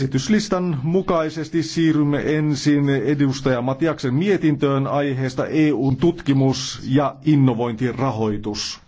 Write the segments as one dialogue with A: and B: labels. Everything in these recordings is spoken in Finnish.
A: Esityslistan mukaisesti siirrymme ensin edustaja Matiaksen mietintöön aiheesta EUn tutkimus- ja innovointirahoitus.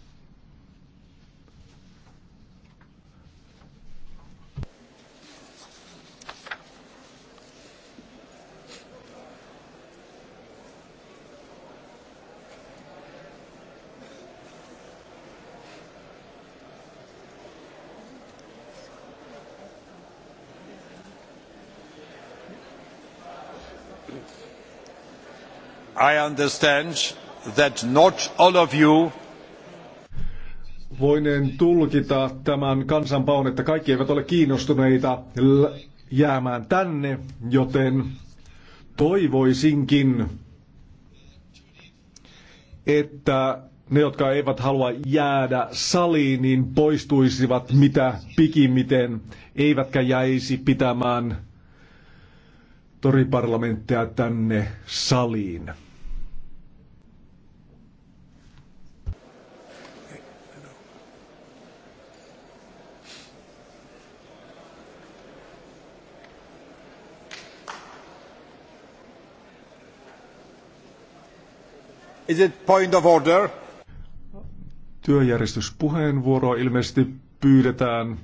A: understand that not all of you tulkita tämän kansanpaon, että kaikki eivät ole kiinnostuneita jäämään tänne, joten toivoisinkin, että ne, jotka eivät halua jäädä saliin, niin poistuisivat mitä pikimiten, eivätkä jäisi pitämään toriparlamenttia tänne saliin. Is it point of order? Työjärjestyspuheenvuoro ilmeisesti pyydetään.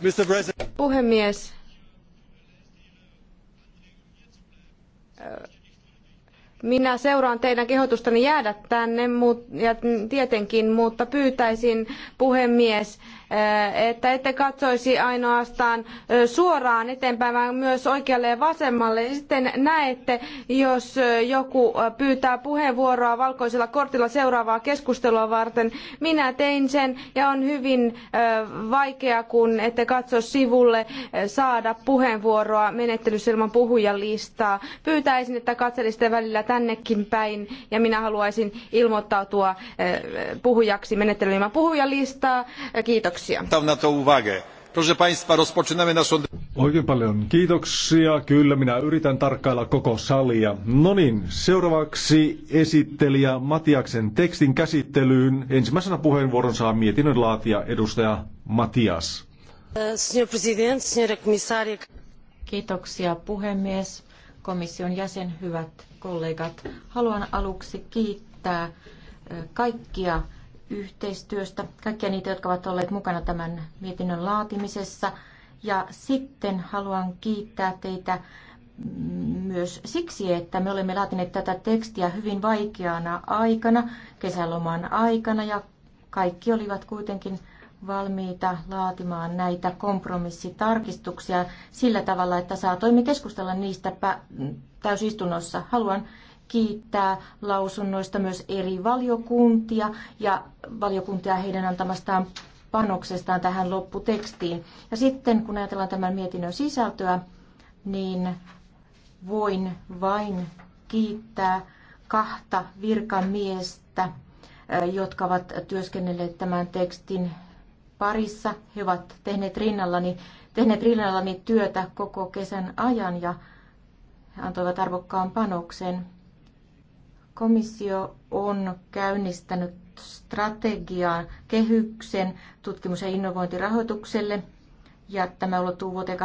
A: Mr. President.
B: Puhemies. Minä seuraan teidän kehotustanne jäädä tänne ja tietenkin, mutta pyytäisin puhemies, Äh, että ette katsoisi ainoastaan äh, suoraan eteenpäin, vaan myös oikealle ja vasemmalle. Sitten näette, jos äh, joku pyytää puheenvuoroa valkoisella kortilla seuraavaa keskustelua varten. Minä tein sen ja on hyvin vaikea, kun ette katso sivulle saada puheenvuoroa menettelyssä ilman puhujalistaa. Pyytäisin, että katselisitte välillä tännekin päin ja minä haluaisin ilmoittautua puhujaksi menettelyyn ilman puhujalistaa. Kiitoksia.
C: Kiitoksia. Proszę Państwa, rozpoczynamy naszą...
A: Oikein paljon kiitoksia. Kyllä, minä yritän tarkkailla koko salia. No niin, seuraavaksi esittelijä Matiaksen tekstin käsittelyyn. Ensimmäisenä puheenvuoron saa mietinnön laatija edustaja Matias.
D: Kiitoksia puhemies, komission jäsen, hyvät kollegat. Haluan aluksi kiittää eh, kaikkia yhteistyöstä, kaikkia niitä, jotka ovat olleet mukana tämän mietinnön laatimisessa. Ja sitten haluan kiittää teitä myös siksi, että me olemme laatineet tätä tekstiä hyvin vaikeana aikana, kesäloman aikana, ja kaikki olivat kuitenkin valmiita laatimaan näitä kompromissitarkistuksia sillä tavalla, että saatoimme keskustella niistä täysistunnossa. Haluan kiittää lausunnoista myös eri valiokuntia ja valiokuntia heidän antamastaan panoksestaan tähän lopputekstiin. Ja sitten kun ajatellaan tämän mietinnön sisältöä, niin voin vain kiittää kahta virkamiestä, jotka ovat työskennelleet tämän tekstin parissa. He ovat tehneet rinnallani, tehneet rinnallani työtä koko kesän ajan ja he antoivat arvokkaan panoksen. Komissio on käynnistänyt strategiaa kehyksen tutkimus- ja innovointirahoitukselle ja tämä ulottuu vuoteen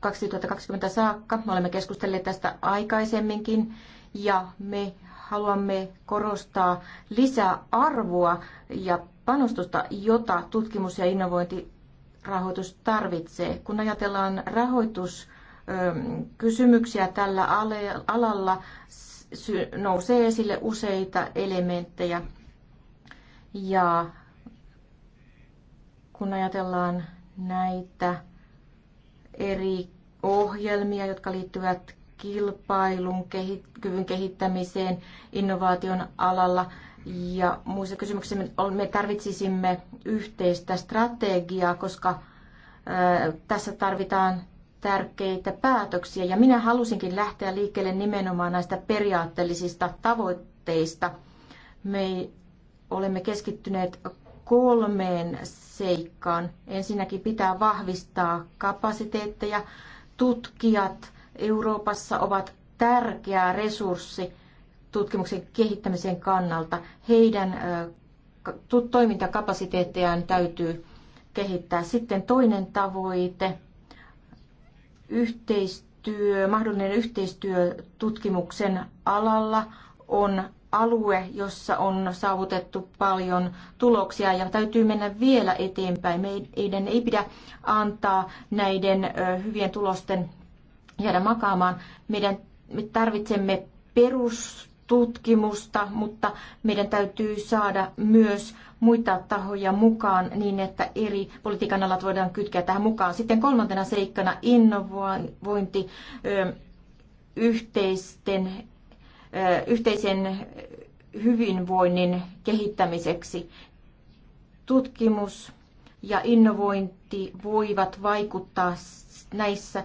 D: 2020 saakka. Me olemme keskustelleet tästä aikaisemminkin ja me haluamme korostaa lisää arvoa ja panostusta, jota tutkimus- ja innovointirahoitus tarvitsee. Kun ajatellaan rahoituskysymyksiä tällä alalla, nousee esille useita elementtejä. Ja kun ajatellaan näitä eri ohjelmia, jotka liittyvät kilpailun kyvyn kehittämiseen innovaation alalla ja muissa kysymyksissä, me tarvitsisimme yhteistä strategiaa, koska tässä tarvitaan tärkeitä päätöksiä ja minä halusinkin lähteä liikkeelle nimenomaan näistä periaatteellisista tavoitteista. Me olemme keskittyneet kolmeen seikkaan. Ensinnäkin pitää vahvistaa kapasiteetteja. Tutkijat Euroopassa ovat tärkeä resurssi tutkimuksen kehittämisen kannalta. Heidän toimintakapasiteettejaan täytyy kehittää. Sitten toinen tavoite yhteistyö, mahdollinen yhteistyö tutkimuksen alalla on alue, jossa on saavutettu paljon tuloksia ja täytyy mennä vielä eteenpäin. Meidän ei pidä antaa näiden hyvien tulosten jäädä makaamaan. Meidän, me tarvitsemme perustutkimusta, mutta meidän täytyy saada myös muita tahoja mukaan niin, että eri politiikan alat voidaan kytkeä tähän mukaan. Sitten kolmantena seikkana innovointi yhteisten, yhteisen hyvinvoinnin kehittämiseksi. Tutkimus ja innovointi voivat vaikuttaa näissä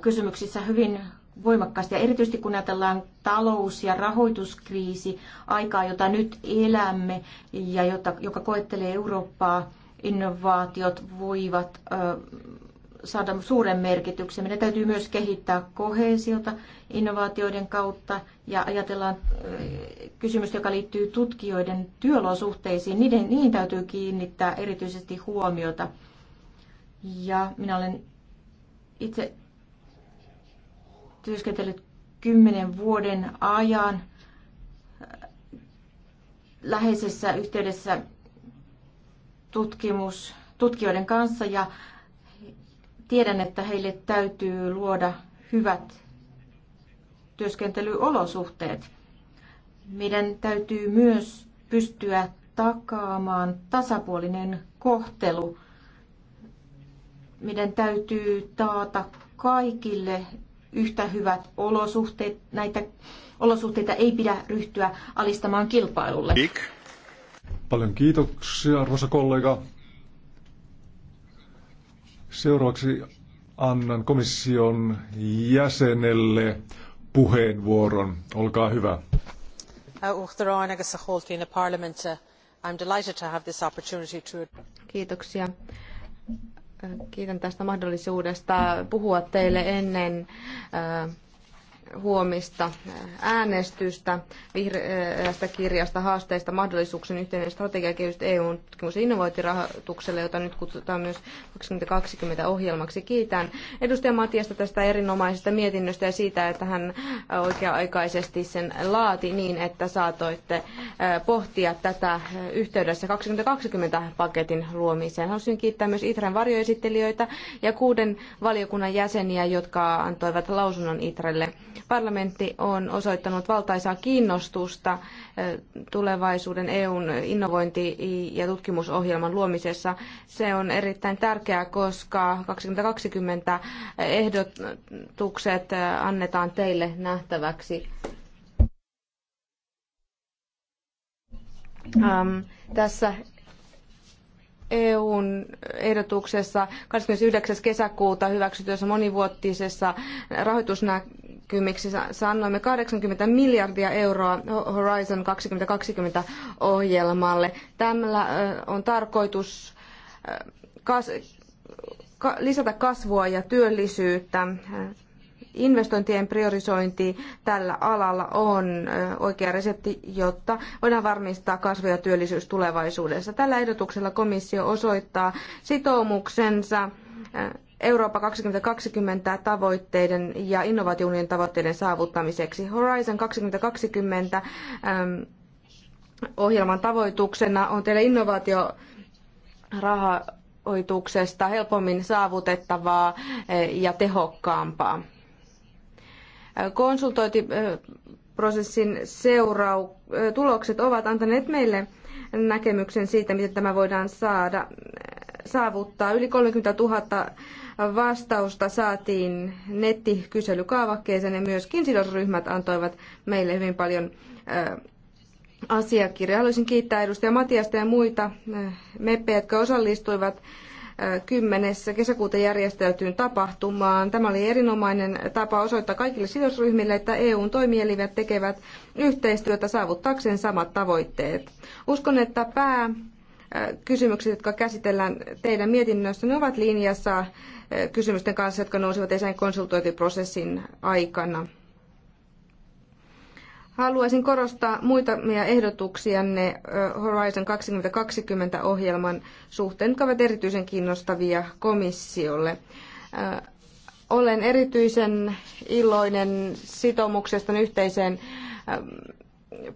D: kysymyksissä hyvin voimakkaasti. Ja erityisesti kun ajatellaan talous- ja rahoituskriisi, aikaa, jota nyt elämme ja jota, joka koettelee Eurooppaa, innovaatiot voivat ö, saada suuren merkityksen. Meidän täytyy myös kehittää kohesiota innovaatioiden kautta ja ajatellaan kysymystä, joka liittyy tutkijoiden työolosuhteisiin. Niiden, niihin täytyy kiinnittää erityisesti huomiota. Ja minä olen itse työskentellyt kymmenen vuoden ajan äh, läheisessä yhteydessä tutkimus, tutkijoiden kanssa ja tiedän, että heille täytyy luoda hyvät työskentelyolosuhteet. Meidän täytyy myös pystyä takaamaan tasapuolinen kohtelu. Meidän täytyy taata kaikille yhtä hyvät olosuhteet. Näitä olosuhteita ei pidä ryhtyä alistamaan kilpailulle.
A: Paljon kiitoksia, arvoisa kollega. Seuraavaksi annan komission jäsenelle puheenvuoron. Olkaa hyvä.
B: Kiitoksia. Kiitän tästä mahdollisuudesta puhua teille ennen äh, huomista äänestystä vihreästä kirjasta haasteista mahdollisuuksien yhteinen strategiakehys EUn tutkimus- ja innovointirahoitukselle, jota nyt kutsutaan myös 2020 ohjelmaksi. Kiitän edustaja Matiasta tästä erinomaisesta mietinnöstä ja siitä, että hän oikea-aikaisesti sen laati niin, että saatoitte pohtia tätä yhteydessä 2020 paketin luomiseen. Haluaisin kiittää myös Itran varjoesittelijöitä ja kuuden valiokunnan jäseniä, jotka antoivat lausunnon Itrelle Parlamentti on osoittanut valtaisaa kiinnostusta eh, tulevaisuuden EUn innovointi- ja tutkimusohjelman luomisessa. Se on erittäin tärkeää, koska 2020 ehdotukset eh, annetaan teille nähtäväksi. Ähm, tässä EUn ehdotuksessa 29. kesäkuuta hyväksytyssä monivuotisessa rahoitusnäkökulmassa kymiksi sanoimme 80 miljardia euroa Horizon 2020 ohjelmalle. Tällä on tarkoitus lisätä kasvua ja työllisyyttä. Investointien priorisointi tällä alalla on oikea resepti, jotta voidaan varmistaa kasvu ja työllisyys tulevaisuudessa. Tällä ehdotuksella komissio osoittaa sitoumuksensa Eurooppa 2020 tavoitteiden ja innovaatiunien tavoitteiden saavuttamiseksi. Horizon 2020 ähm, ohjelman tavoituksena on teille innovaatiorahoituksesta helpommin saavutettavaa äh, ja tehokkaampaa. Äh, konsultointiprosessin seurau- äh, tulokset ovat antaneet meille näkemyksen siitä, miten tämä voidaan saada saavuttaa. Yli 30 000 vastausta saatiin nettikyselykaavakkeeseen ja myöskin sidosryhmät antoivat meille hyvin paljon asiakirjoja. Haluaisin kiittää edustaja Matiasta ja muita meppejä, jotka osallistuivat 10. kesäkuuta järjestäytyyn tapahtumaan. Tämä oli erinomainen tapa osoittaa kaikille sidosryhmille, että EUn toimielivät tekevät yhteistyötä saavuttaakseen samat tavoitteet. Uskon, että pää kysymykset, jotka käsitellään teidän mietinnössä, ne ovat linjassa kysymysten kanssa, jotka nousivat esiin konsultointiprosessin aikana. Haluaisin korostaa muutamia ehdotuksianne Horizon 2020-ohjelman suhteen, jotka ovat erityisen kiinnostavia komissiolle. Olen erityisen iloinen sitoumuksesta yhteiseen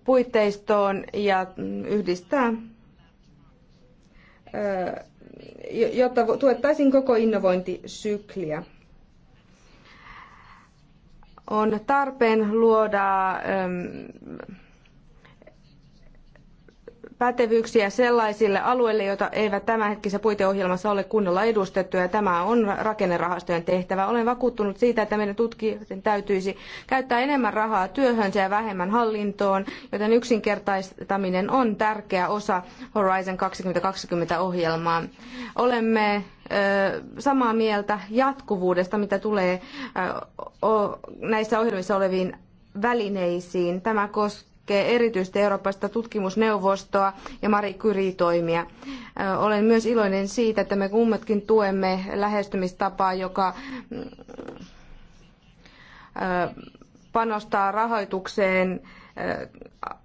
B: puitteistoon ja yhdistää jotta tuettaisiin koko innovointisykliä. On tarpeen luoda pätevyyksiä sellaisille alueille, joita eivät tämänhetkisessä puiteohjelmassa ole kunnolla edustettuja. Tämä on rakennerahastojen tehtävä. Olen vakuuttunut siitä, että meidän tutkijoiden täytyisi käyttää enemmän rahaa työhönsä ja vähemmän hallintoon, joten yksinkertaistaminen on tärkeä osa Horizon 2020-ohjelmaa. Olemme samaa mieltä jatkuvuudesta, mitä tulee näissä ohjelmissa oleviin välineisiin. Tämä koskee koskee erityisesti Euroopasta tutkimusneuvostoa ja Marie Curie-toimia. Olen myös iloinen siitä, että me kummatkin tuemme lähestymistapaa, joka mm, panostaa rahoitukseen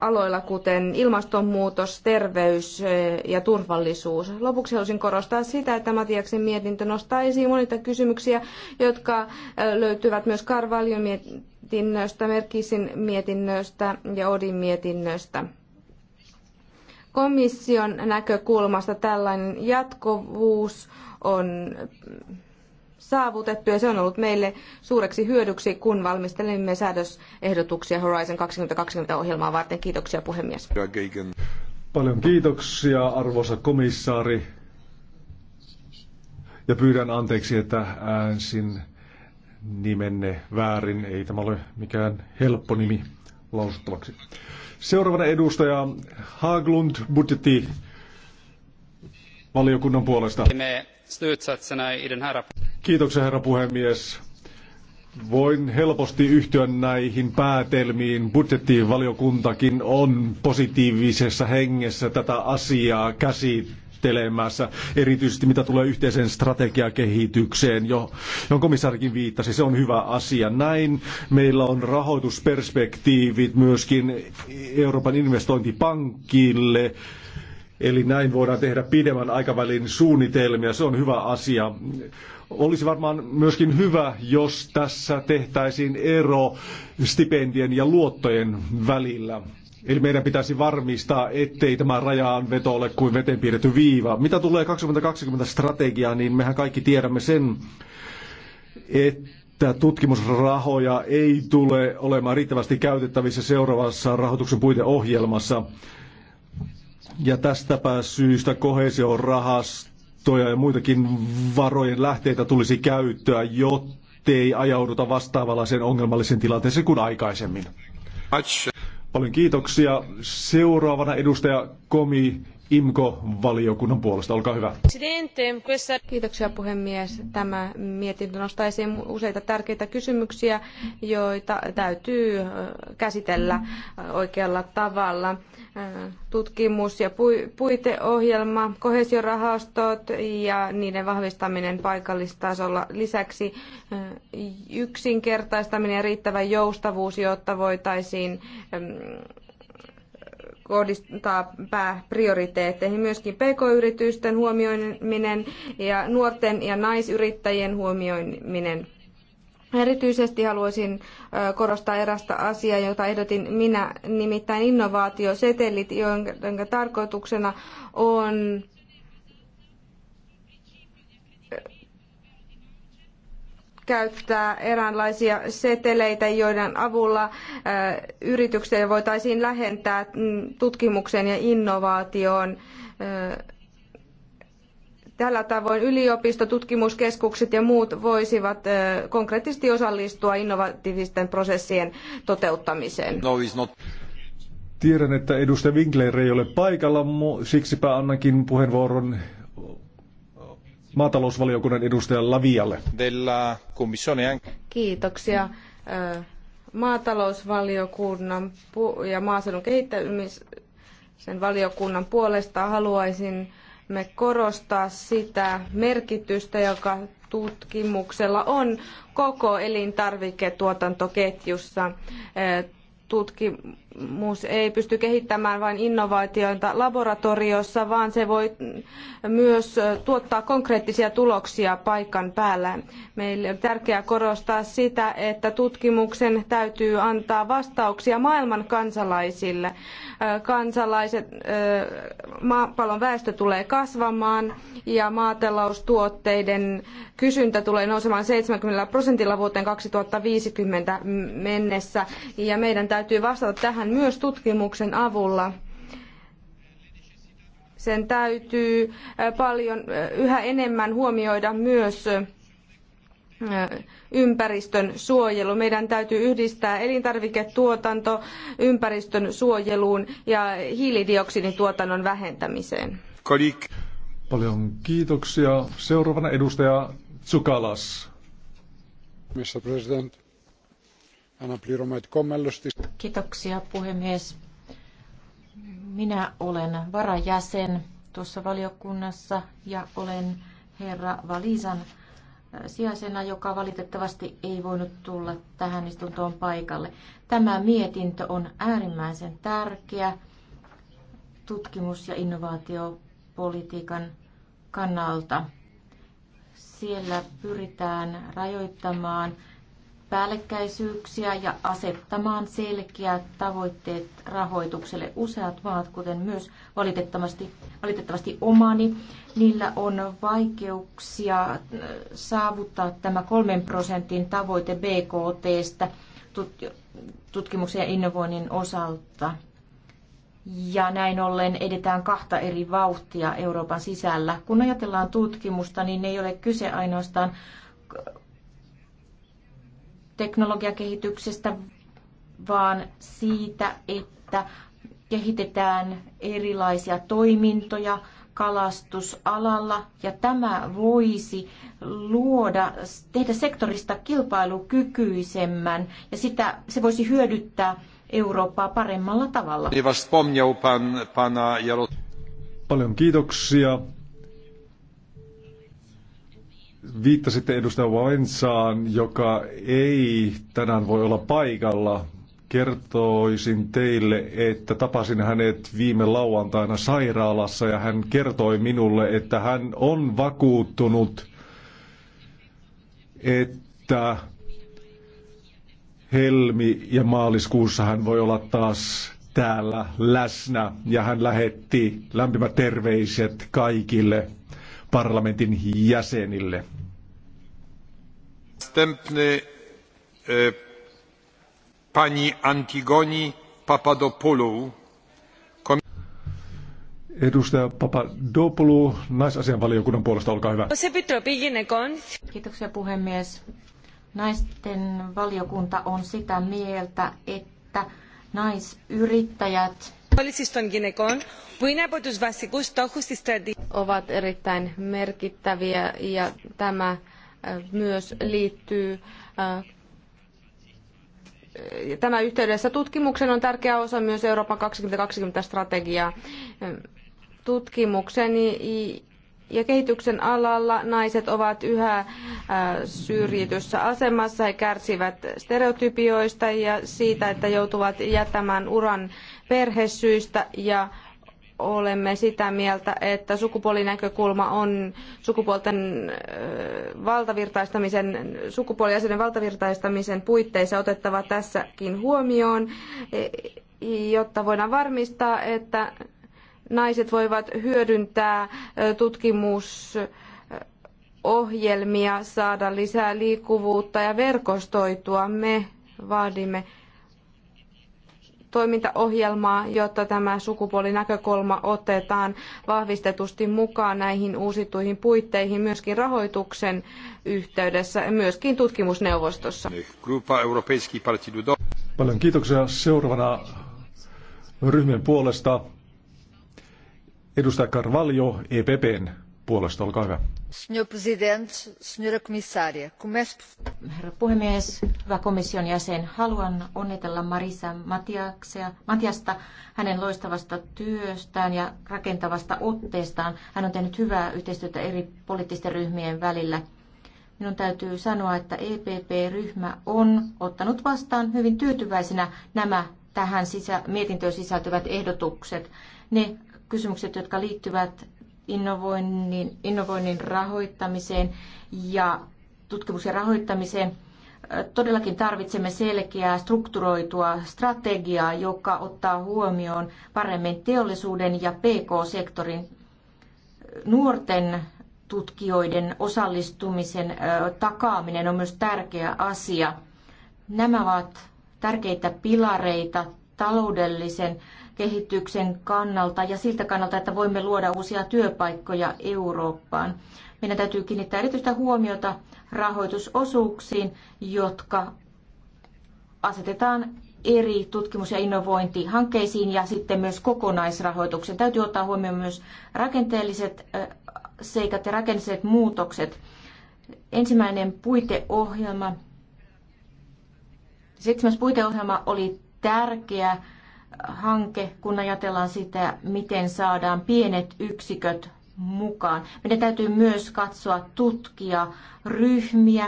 B: aloilla kuten ilmastonmuutos, terveys ja turvallisuus. Lopuksi haluaisin korostaa sitä, että Matiaksen mietintö nostaa esiin monita kysymyksiä, jotka löytyvät myös Karvalion mietinnöstä, Merkisin mietinnöstä ja Odin mietinnöstä. Komission näkökulmasta tällainen jatkuvuus on saavutettu ja se on ollut meille suureksi hyödyksi, kun valmistelimme säädösehdotuksia Horizon 2020-ohjelmaa varten. Kiitoksia puhemies.
A: Paljon kiitoksia arvoisa komissaari. Ja pyydän anteeksi, että äänsin nimenne väärin. Ei tämä ole mikään helppo nimi lausuttavaksi. Seuraavana edustaja Haglund budjetti valiokunnan puolesta. Kiitoksia herra puhemies. Voin helposti yhtyä näihin päätelmiin. Budjettivaliokuntakin on positiivisessa hengessä tätä asiaa käsitellyt käsittelemässä, erityisesti mitä tulee yhteisen strategiakehitykseen, jo, johon komissaarikin viittasi. Se on hyvä asia. Näin meillä on rahoitusperspektiivit myöskin Euroopan investointipankille, Eli näin voidaan tehdä pidemmän aikavälin suunnitelmia. Se on hyvä asia. Olisi varmaan myöskin hyvä, jos tässä tehtäisiin ero stipendien ja luottojen välillä. Eli meidän pitäisi varmistaa, ettei tämä veto ole kuin veteen piirretty viiva. Mitä tulee 2020-strategiaan, niin mehän kaikki tiedämme sen, että tutkimusrahoja ei tule olemaan riittävästi käytettävissä seuraavassa rahoituksen puiteohjelmassa. Ja tästäpä syystä kohesiorahastoja ja muitakin varojen lähteitä tulisi käyttöä, jottei ajauduta vastaavanlaiseen ongelmalliseen tilanteeseen kuin aikaisemmin. Much, Paljon kiitoksia. Seuraavana edustaja Komi IMKO-valiokunnan puolesta. Olkaa hyvä.
B: Kiitoksia puhemies. Tämä mietintö nostaa esiin useita tärkeitä kysymyksiä, joita täytyy käsitellä oikealla tavalla. Tutkimus- ja puiteohjelma, kohesiorahastot ja niiden vahvistaminen paikallistasolla. Lisäksi yksinkertaistaminen ja riittävä joustavuus, jotta voitaisiin kohdistaa pääprioriteetteihin. Myöskin pk-yritysten huomioiminen ja nuorten ja naisyrittäjien huomioiminen. Erityisesti haluaisin korostaa erästä asiaa, jota ehdotin minä, nimittäin innovaatiosetelit, jonka tarkoituksena on käyttää eräänlaisia seteleitä, joiden avulla yrityksiä voitaisiin lähentää mm, tutkimukseen ja innovaatioon. Tällä tavoin yliopistot, tutkimuskeskukset ja muut voisivat konkreettisesti osallistua innovatiivisten prosessien toteuttamiseen.
C: No,
A: Tiedän, että edustaja Winkler ei ole paikalla, siksipä annankin puheenvuoron maatalousvaliokunnan edustajan Lavialle.
B: Kiitoksia maatalousvaliokunnan ja maaseudun kehittämisen valiokunnan puolesta haluaisin me korostaa sitä merkitystä, joka tutkimuksella on koko elintarviketuotantoketjussa. Tutkimus tutkimus ei pysty kehittämään vain innovaatioita laboratoriossa, vaan se voi myös tuottaa konkreettisia tuloksia paikan päällä. Meille on tärkeää korostaa sitä, että tutkimuksen täytyy antaa vastauksia maailman kansalaisille. Kansalaiset, maapallon väestö tulee kasvamaan ja maataloustuotteiden kysyntä tulee nousemaan 70 prosentilla vuoteen 2050 mennessä. Ja meidän täytyy vastata tähän tähän myös tutkimuksen avulla. Sen täytyy paljon yhä enemmän huomioida myös ympäristön suojelu. Meidän täytyy yhdistää elintarviketuotanto ympäristön suojeluun ja hiilidioksidituotannon vähentämiseen.
A: Kodik. Paljon kiitoksia. Seuraavana edustaja Tsukalas.
C: Mr. President αναπληρωματικό Kiitoksia
D: puhemies. Minä olen varajäsen tuossa valiokunnassa ja olen herra Valisan äh, sijaisena, joka valitettavasti ei voinut tulla tähän istuntoon paikalle. Tämä mietintö on äärimmäisen tärkeä tutkimus- ja innovaatiopolitiikan kannalta. Siellä pyritään rajoittamaan päällekkäisyyksiä ja asettamaan selkeät tavoitteet rahoitukselle. Useat maat, kuten myös valitettavasti, valitettavasti omani, niillä on vaikeuksia äh, saavuttaa tämä kolmen prosentin tavoite BKTstä tutkimuksen ja innovoinnin osalta. Ja näin ollen edetään kahta eri vauhtia Euroopan sisällä. Kun ajatellaan tutkimusta, niin ei ole kyse ainoastaan teknologiakehityksestä, vaan siitä, että kehitetään erilaisia toimintoja kalastusalalla ja tämä voisi luoda, tehdä sektorista kilpailukykyisemmän ja sitä, se voisi hyödyttää Eurooppaa paremmalla tavalla.
A: Paljon kiitoksia. Viittasitte edustaja Vainsaan, joka ei tänään voi olla paikalla. Kertoisin teille, että tapasin hänet viime lauantaina sairaalassa ja hän kertoi minulle, että hän on vakuuttunut, että helmi- ja maaliskuussa hän voi olla taas täällä läsnä ja hän lähetti lämpimät terveiset kaikille parlamentin jäsenille.
C: Następny e, pani Antigoni Papadopoulou.
A: Kom- Edustaja Papadopoulou, naisasianvaliokunnan puolesta, olkaa hyvä.
D: Kiitoksia puhemies. Naisten valiokunta on sitä mieltä, että naisyrittäjät
B: ovat erittäin merkittäviä ja tämä myös liittyy Tämä yhteydessä tutkimuksen on tärkeä osa myös Euroopan 2020-strategiaa. Tutkimuksen ja kehityksen alalla naiset ovat yhä syrjityssä asemassa. He kärsivät stereotypioista ja siitä, että joutuvat jättämään uran perhesyistä ja olemme sitä mieltä, että sukupuolinäkökulma on sukupuolten valtavirtaistamisen, sukupuoliasioiden valtavirtaistamisen puitteissa otettava tässäkin huomioon, e, jotta voidaan varmistaa, että naiset voivat hyödyntää tutkimusohjelmia, saada lisää liikkuvuutta ja verkostoitua. Me vaadimme toimintaohjelmaa, jotta tämä sukupuolinäkökulma otetaan vahvistetusti mukaan näihin uusittuihin puitteihin myöskin rahoituksen yhteydessä ja myöskin tutkimusneuvostossa.
A: Paljon kiitoksia. Seuraavana ryhmän puolesta edustaja Carvalho EPPn puolesta, olkaa hyvä.
D: Herra puhemies, hyvä komission jäsen, haluan onnitella Marisa Matiaksia, Matiasta hänen loistavasta työstään ja rakentavasta otteestaan. Hän on tehnyt hyvää yhteistyötä eri poliittisten ryhmien välillä. Minun täytyy sanoa, että EPP-ryhmä on ottanut vastaan hyvin tyytyväisenä nämä tähän sisä, mietintöön sisältyvät ehdotukset. Ne kysymykset, jotka liittyvät innovoinnin, innovoinnin rahoittamiseen ja ja rahoittamiseen todellakin tarvitsemme selkeää strukturoitua strategiaa, joka ottaa huomioon paremmin teollisuuden ja PK-sektorin nuorten tutkijoiden osallistumisen takaaminen on myös tärkeä asia. Nämä ovat tärkeitä pilareita taloudellisen kehityksen kannalta ja siltä kannalta, että voimme luoda uusia työpaikkoja Eurooppaan. Meidän täytyy kiinnittää erityistä huomiota rahoitusosuuksiin, jotka asetetaan eri tutkimus- ja innovointihankkeisiin ja sitten myös kokonaisrahoituksen. Täytyy ottaa huomioon myös rakenteelliset seikat ja rakenteelliset muutokset. Ensimmäinen puiteohjelma, seitsemäs puiteohjelma oli tärkeä hanke, kun ajatellaan sitä, miten saadaan pienet yksiköt mukaan. Meidän täytyy myös katsoa tutkia ryhmiä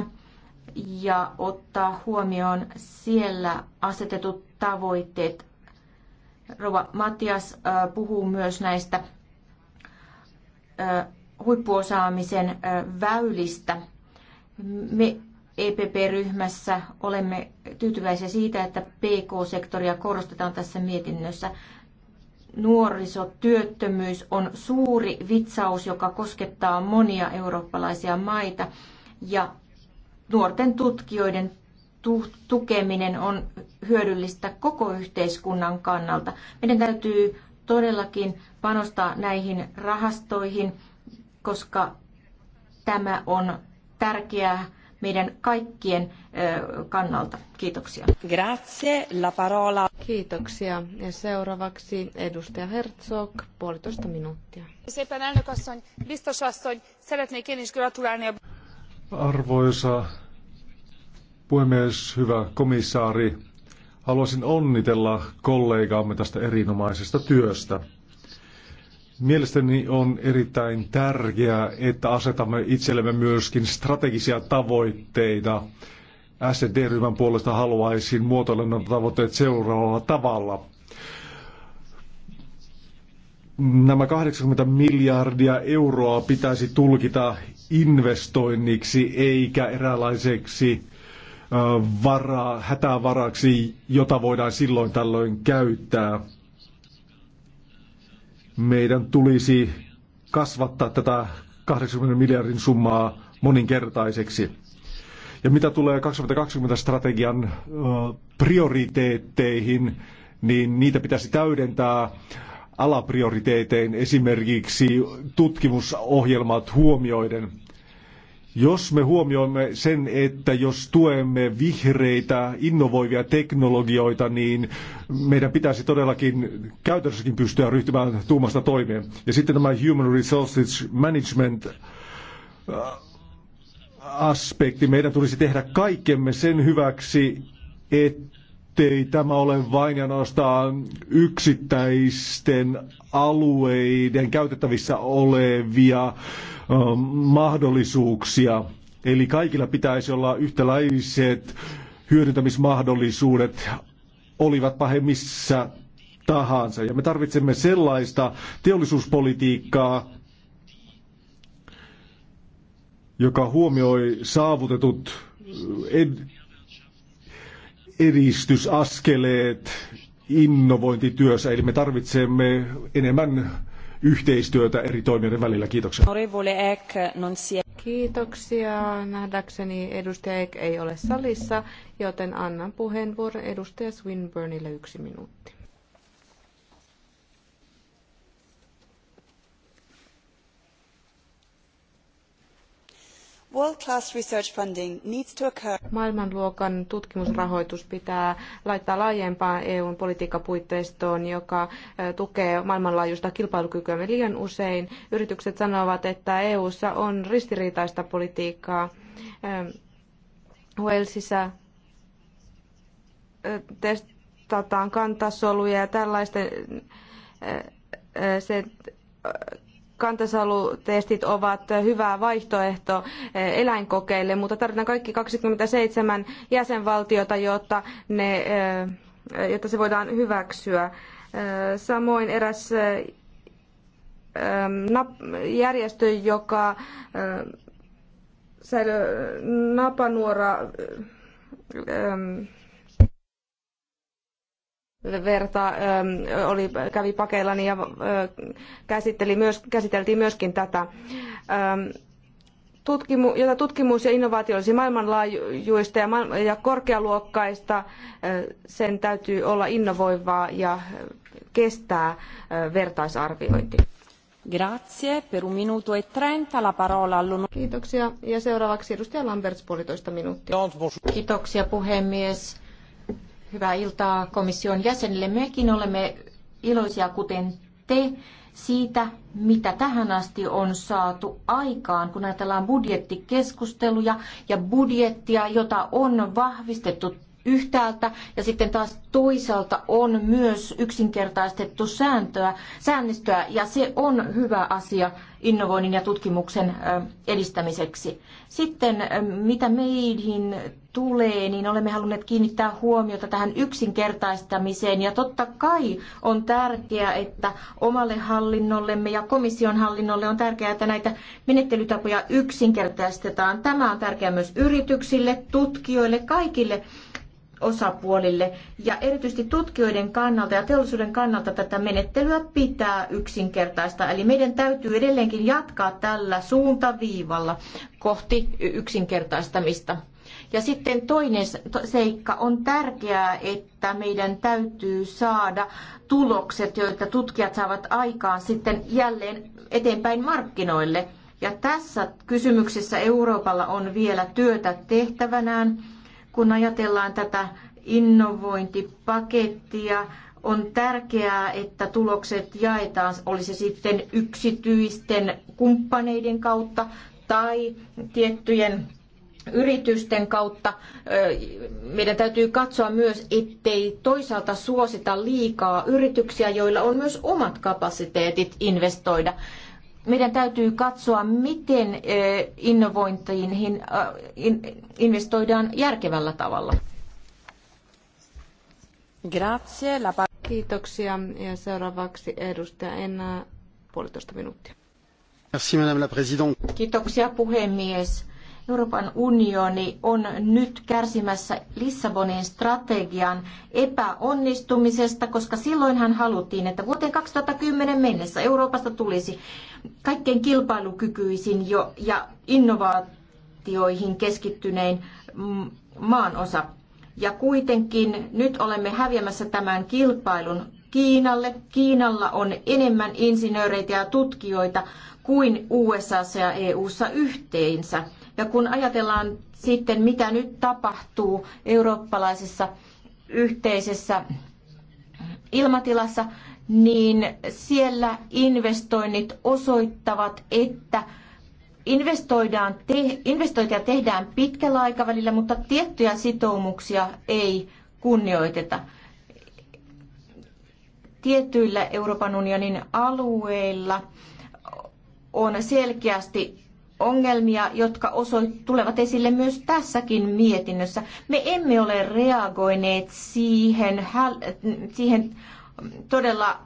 D: ja ottaa huomioon siellä asetetut tavoitteet. Rova Matias puhuu myös näistä huippuosaamisen väylistä. Me EPP-ryhmässä olemme tyytyväisiä siitä, että PK-sektoria korostetaan tässä mietinnössä. Nuorisotyöttömyys on suuri vitsaus, joka koskettaa monia eurooppalaisia maita ja nuorten tutkijoiden tukeminen on hyödyllistä koko yhteiskunnan kannalta. Meidän täytyy todellakin panostaa näihin rahastoihin, koska tämä on tärkeää meidän kaikkien kannalta. Kiitoksia. Grazie, la parola. Kiitoksia.
B: Ja seuraavaksi edustaja Herzog, puolitoista minuuttia. Szépen elnök asszony, biztos asszony, szeretnék én
A: Arvoisa puhemies, hyvä komissaari, haluaisin onnitella kollegaamme tästä erinomaisesta työstä. Mielestäni on erittäin tärkeää, että asetamme itsellemme myöskin strategisia tavoitteita. SD-ryhmän puolesta haluaisin muotoilla nämä tavoitteet seuraavalla tavalla. Nämä 80 miljardia euroa pitäisi tulkita investoinniksi eikä eräänlaiseksi äh, varaa, hätävaraksi, jota voidaan silloin tällöin käyttää meidän tulisi kasvattaa tätä 80 miljardin summaa moninkertaiseksi. Ja mitä tulee 2020-strategian prioriteetteihin, niin niitä pitäisi täydentää alaprioriteetein esimerkiksi tutkimusohjelmat huomioiden – jos me huomioimme sen, että jos tuemme vihreitä, innovoivia teknologioita, niin meidän pitäisi todellakin käytännössäkin pystyä ryhtymään tuumasta toimeen. Ja sitten tämä Human Resources Management äh, aspekti. Meidän tulisi tehdä kaikkemme sen hyväksi, että ettei tämä ole vain ja nostaa yksittäisten alueiden käytettävissä olevia mahdollisuuksia. Eli kaikilla pitäisi olla yhtäläiset hyödyntämismahdollisuudet, olivat pahemmissa tahansa. Ja me tarvitsemme sellaista teollisuuspolitiikkaa, joka huomioi saavutetut ed- edistysaskeleet innovointityössä, eli me tarvitsemme enemmän yhteistyötä eri toimijoiden välillä. Kiitoksia.
B: Kiitoksia. Nähdäkseni edustaja Eck ei ole salissa, joten annan puheenvuoron edustaja Swinburnille yksi minuutti. Maailmanluokan tutkimusrahoitus pitää laittaa laajempaan EUn politiikkapuitteistoon, joka tukee maailmanlaajuista kilpailukykyämme liian usein. Yritykset sanovat, että EUssa on ristiriitaista politiikkaa. Walesissa testataan kantasoluja ja tällaisten se kantasalutestit ovat hyvä vaihtoehto eh, eläinkokeille, mutta tarvitaan kaikki 27 jäsenvaltiota, jotta, ne, eh, jotta se voidaan hyväksyä. Eh, samoin eräs järjestö, joka säilö, napanuora verta ähm, oli, kävi pakeillani ja äh, käsitteli myös, käsiteltiin myöskin tätä. Ähm, tutkimu, jota tutkimus ja innovaatio olisi maailmanlaajuista ja, maailman, ja korkealuokkaista, äh, sen täytyy olla innovoivaa ja äh, kestää vertaisarviointi. Grazie per un minuto
D: e trenta la parola all'on... Kiitoksia ja seuraavaksi edustaja Lamberts puolitoista minuuttia. Kiitoksia puhemies Hyvää iltaa komission jäsenille. Mekin olemme iloisia, kuten te, siitä, mitä tähän asti on saatu aikaan, kun ajatellaan budjettikeskusteluja ja budjettia, jota on vahvistettu yhtäältä ja sitten taas toisaalta on myös yksinkertaistettu sääntöä, säännöstöä ja se on hyvä asia innovoinnin ja tutkimuksen edistämiseksi. Sitten mitä meihin tulee, niin olemme halunneet kiinnittää huomiota tähän yksinkertaistamiseen ja totta kai on tärkeää, että omalle hallinnollemme ja komission hallinnolle on tärkeää, että näitä menettelytapoja yksinkertaistetaan. Tämä on tärkeää myös yrityksille, tutkijoille, kaikille osapuolille. Ja erityisesti tutkijoiden kannalta ja teollisuuden kannalta tätä menettelyä pitää yksinkertaista. Eli meidän täytyy edelleenkin jatkaa tällä suuntaviivalla kohti yksinkertaistamista. Ja sitten toinen seikka on tärkeää, että meidän täytyy saada tulokset, joita tutkijat saavat aikaan sitten jälleen eteenpäin markkinoille. Ja tässä kysymyksessä Euroopalla on vielä työtä tehtävänään kun ajatellaan tätä innovointipakettia, on tärkeää, että tulokset jaetaan, oli se sitten yksityisten kumppaneiden kautta tai tiettyjen yritysten kautta. Meidän täytyy katsoa myös, ettei toisaalta suosita liikaa yrityksiä, joilla on myös omat kapasiteetit investoida meidän täytyy katsoa, miten innovointiin investoidaan järkevällä tavalla. Grazie. Kiitoksia. Ja seuraavaksi edustaja Enna, puolitoista minuuttia. Merci, madame la Kiitoksia puhemies Euroopan unioni on nyt kärsimässä Lissabonin strategian epäonnistumisesta, koska silloinhan haluttiin, että vuoteen 2010 mennessä Euroopasta tulisi kaikkein kilpailukykyisin jo ja innovaatioihin keskittynein maanosa. Ja kuitenkin nyt olemme häviämässä tämän kilpailun Kiinalle. Kiinalla on enemmän insinööreitä ja tutkijoita kuin USAssa ja EUssa yhteensä. Ja kun ajatellaan sitten, mitä nyt tapahtuu eurooppalaisessa yhteisessä ilmatilassa, niin siellä investoinnit osoittavat, että investoidaan te, investointia tehdään pitkällä aikavälillä, mutta tiettyjä sitoumuksia ei kunnioiteta. Tietyillä Euroopan unionin alueilla on selkeästi ongelmia, jotka osoit- tulevat esille myös tässäkin mietinnössä. Me emme ole reagoineet siihen, siihen todella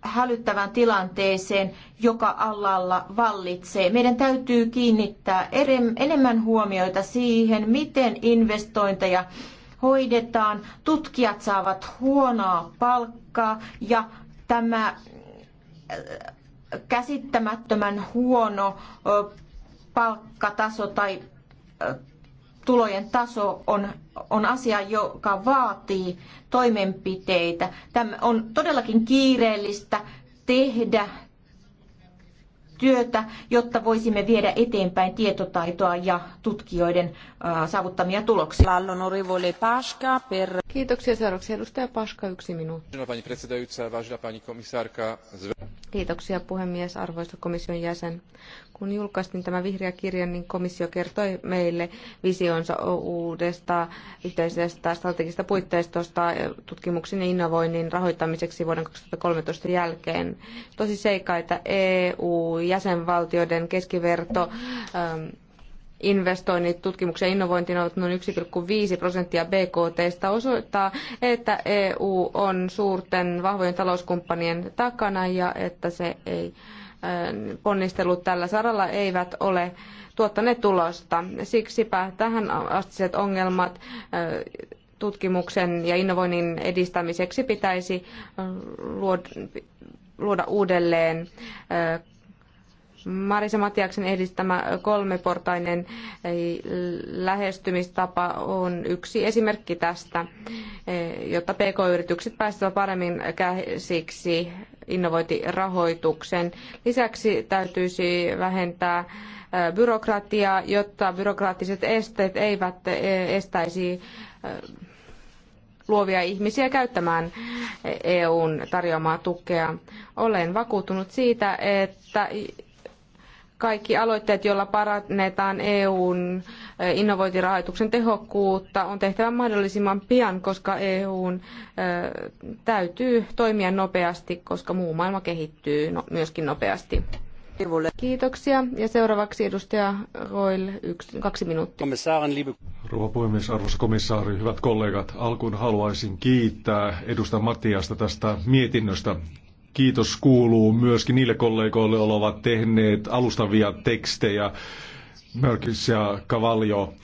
D: hälyttävään tilanteeseen, joka alalla vallitsee. Meidän täytyy kiinnittää enemmän huomioita siihen, miten investointeja hoidetaan. Tutkijat saavat huonoa palkkaa ja tämä äh, käsittämättömän huono palkkataso tai tulojen taso on, on asia, joka vaatii toimenpiteitä. Tämä on todellakin kiireellistä tehdä työtä, jotta voisimme viedä eteenpäin tietotaitoa ja tutkijoiden uh, saavuttamia tuloksia. Kiitoksia. Seuraavaksi edustaja Paska, yksi minuutti.
B: Kiitoksia puhemies, arvoisa komission jäsen. Kun julkaistiin tämä vihreä kirja, niin komissio kertoi meille visionsa uudesta yhteisestä strategisesta puitteistosta tutkimuksen ja innovoinnin rahoittamiseksi vuoden 2013 jälkeen. Tosi seikka, että EU-jäsenvaltioiden keskiverto ähm, investoinnit tutkimukseen ja innovointiin ovat noin 1,5 prosenttia BKTstä osoittaa, että EU on suurten vahvojen talouskumppanien takana ja että se ei ponnistelut tällä saralla eivät ole tuottaneet tulosta. Siksipä tähän astiset ongelmat tutkimuksen ja innovoinnin edistämiseksi pitäisi luoda uudelleen Marisa Matiaksen edistämä kolmeportainen lähestymistapa on yksi esimerkki tästä, jotta pk-yritykset pääsevät paremmin käsiksi innovointirahoituksen. Lisäksi täytyisi vähentää byrokratiaa, jotta byrokraattiset esteet eivät estäisi luovia ihmisiä käyttämään EUn tarjoamaa tukea. Olen vakuuttunut siitä, että kaikki aloitteet, joilla parannetaan EUn eh, innovointirahoituksen tehokkuutta, on tehtävä mahdollisimman pian, koska EUn eh, täytyy toimia nopeasti, koska muu maailma kehittyy no, myöskin nopeasti. Kiitoksia. Ja seuraavaksi edustaja Roil, yksi, kaksi minuuttia.
A: Rouva puhemies, arvoisa komissaari, hyvät kollegat. Alkuun haluaisin kiittää edustaja Mattiasta tästä mietinnöstä kiitos kuuluu myöskin niille kollegoille, jotka ovat tehneet alustavia tekstejä, Merkis ja Kavallio.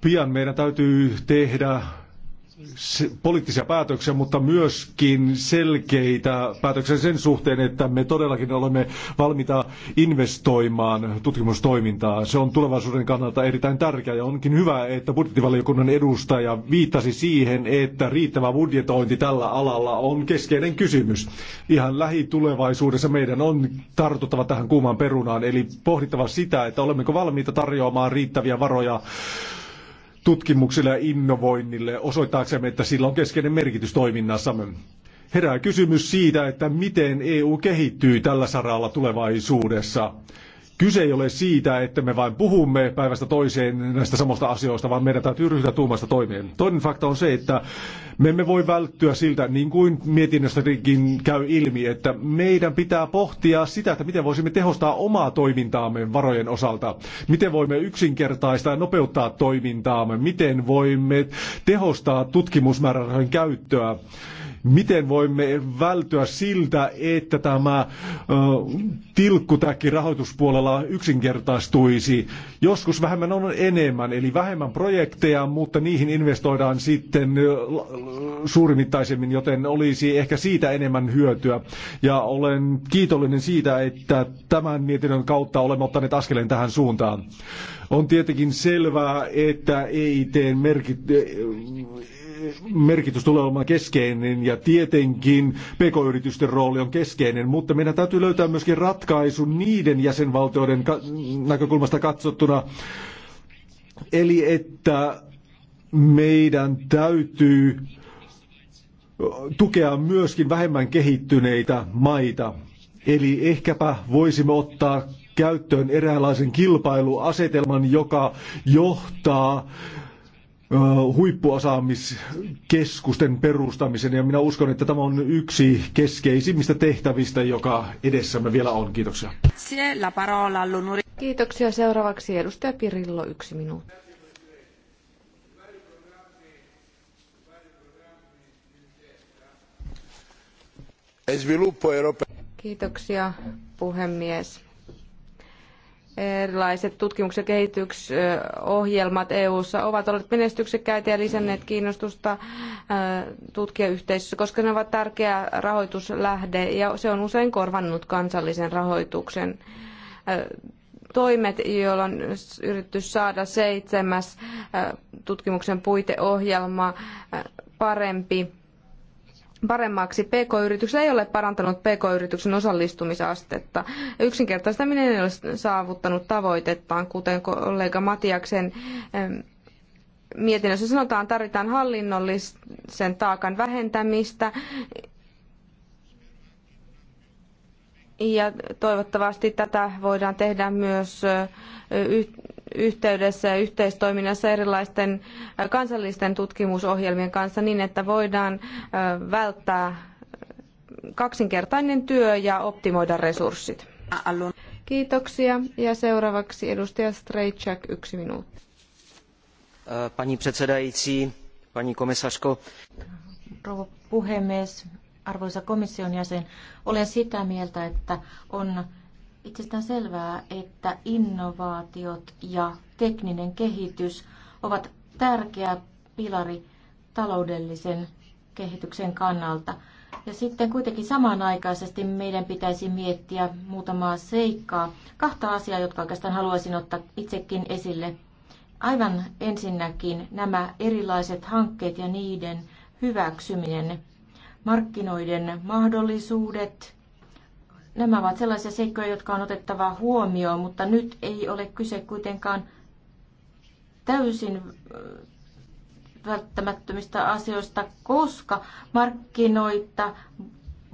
A: Pian meidän täytyy tehdä poliittisia päätöksiä, mutta myöskin selkeitä päätöksiä sen suhteen, että me todellakin olemme valmiita investoimaan tutkimustoimintaa. Se on tulevaisuuden kannalta erittäin tärkeää ja onkin hyvä, että budjettivaliokunnan edustaja viittasi siihen, että riittävä budjetointi tällä alalla on keskeinen kysymys. Ihan lähitulevaisuudessa meidän on tartuttava tähän kuumaan perunaan, eli pohdittava sitä, että olemmeko valmiita tarjoamaan riittäviä varoja tutkimuksille ja innovoinnille osoittaaksemme, että sillä on keskeinen merkitys toiminnassamme. Herää kysymys siitä, että miten EU kehittyy tällä saralla tulevaisuudessa. Kyse ei ole siitä, että me vain puhumme päivästä toiseen näistä samoista asioista, vaan meidän täytyy ryhtyä tuumasta toimeen. Toinen fakta on se, että me emme voi välttyä siltä, niin kuin mietinnöstäkin käy ilmi, että meidän pitää pohtia sitä, että miten voisimme tehostaa omaa toimintaamme varojen osalta. Miten voimme yksinkertaistaa ja nopeuttaa toimintaamme. Miten voimme tehostaa tutkimusmäärärahojen käyttöä Miten voimme vältyä siltä, että tämä tilkkutäkki rahoituspuolella yksinkertaistuisi? Joskus vähemmän on enemmän, eli vähemmän projekteja, mutta niihin investoidaan sitten suurimittaisemmin, joten olisi ehkä siitä enemmän hyötyä. Ja olen kiitollinen siitä, että tämän mietinnön kautta olemme ottaneet askeleen tähän suuntaan. On tietenkin selvää, että EIT merkit, merkitys tulee olemaan keskeinen ja tietenkin pk-yritysten rooli on keskeinen, mutta meidän täytyy löytää myöskin ratkaisu niiden jäsenvaltioiden näkökulmasta katsottuna, eli että meidän täytyy tukea myöskin vähemmän kehittyneitä maita. Eli ehkäpä voisimme ottaa käyttöön eräänlaisen kilpailuasetelman, joka johtaa huippuosaamiskeskusten perustamisen ja minä uskon, että tämä on yksi keskeisimmistä tehtävistä, joka edessämme vielä on. Kiitoksia.
B: Kiitoksia. Seuraavaksi edustaja Pirillo, yksi minuutti. Kiitoksia puhemies erilaiset tutkimus- ja kehitysohjelmat EU:ssa ovat olleet menestyksekkäitä ja lisänneet kiinnostusta äh, tutkijayhteisössä, koska ne ovat tärkeä rahoituslähde ja se on usein korvannut kansallisen rahoituksen äh, toimet, joilla on yritetty saada seitsemäs äh, tutkimuksen puiteohjelma parempi paremmaksi. pk yritykset ei ole parantanut PK-yrityksen osallistumisastetta. Yksinkertaistaminen ei ole saavuttanut tavoitettaan, kuten kollega Matiaksen mietinnössä sanotaan, tarvitaan hallinnollisen taakan vähentämistä ja toivottavasti tätä voidaan tehdä myös yhteydessä ja yhteistoiminnassa erilaisten äh, kansallisten tutkimusohjelmien kanssa niin, että voidaan äh, välttää kaksinkertainen työ ja optimoida resurssit. Kiitoksia. Ja seuraavaksi edustaja Strejčak, yksi minuutti.
D: Äh, pani předsedající, pani komisařko. Rouva puhemies, arvoisa komission jäsen, olen sitä mieltä, että on itsestään selvää, että innovaatiot ja tekninen kehitys ovat tärkeä pilari taloudellisen kehityksen kannalta. Ja sitten kuitenkin samanaikaisesti meidän pitäisi miettiä muutamaa seikkaa, kahta asiaa, jotka oikeastaan haluaisin ottaa itsekin esille. Aivan ensinnäkin nämä erilaiset hankkeet ja niiden hyväksyminen, markkinoiden mahdollisuudet, Nämä ovat sellaisia seikkoja, jotka on otettava huomioon, mutta nyt ei ole kyse kuitenkaan täysin välttämättömistä asioista, koska markkinoita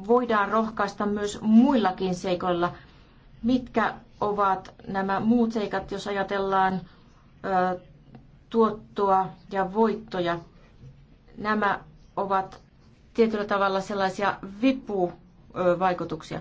D: voidaan rohkaista myös muillakin seikoilla. Mitkä ovat nämä muut seikat, jos ajatellaan ö, tuottoa ja voittoja? Nämä ovat tietyllä tavalla sellaisia vipuvaikutuksia.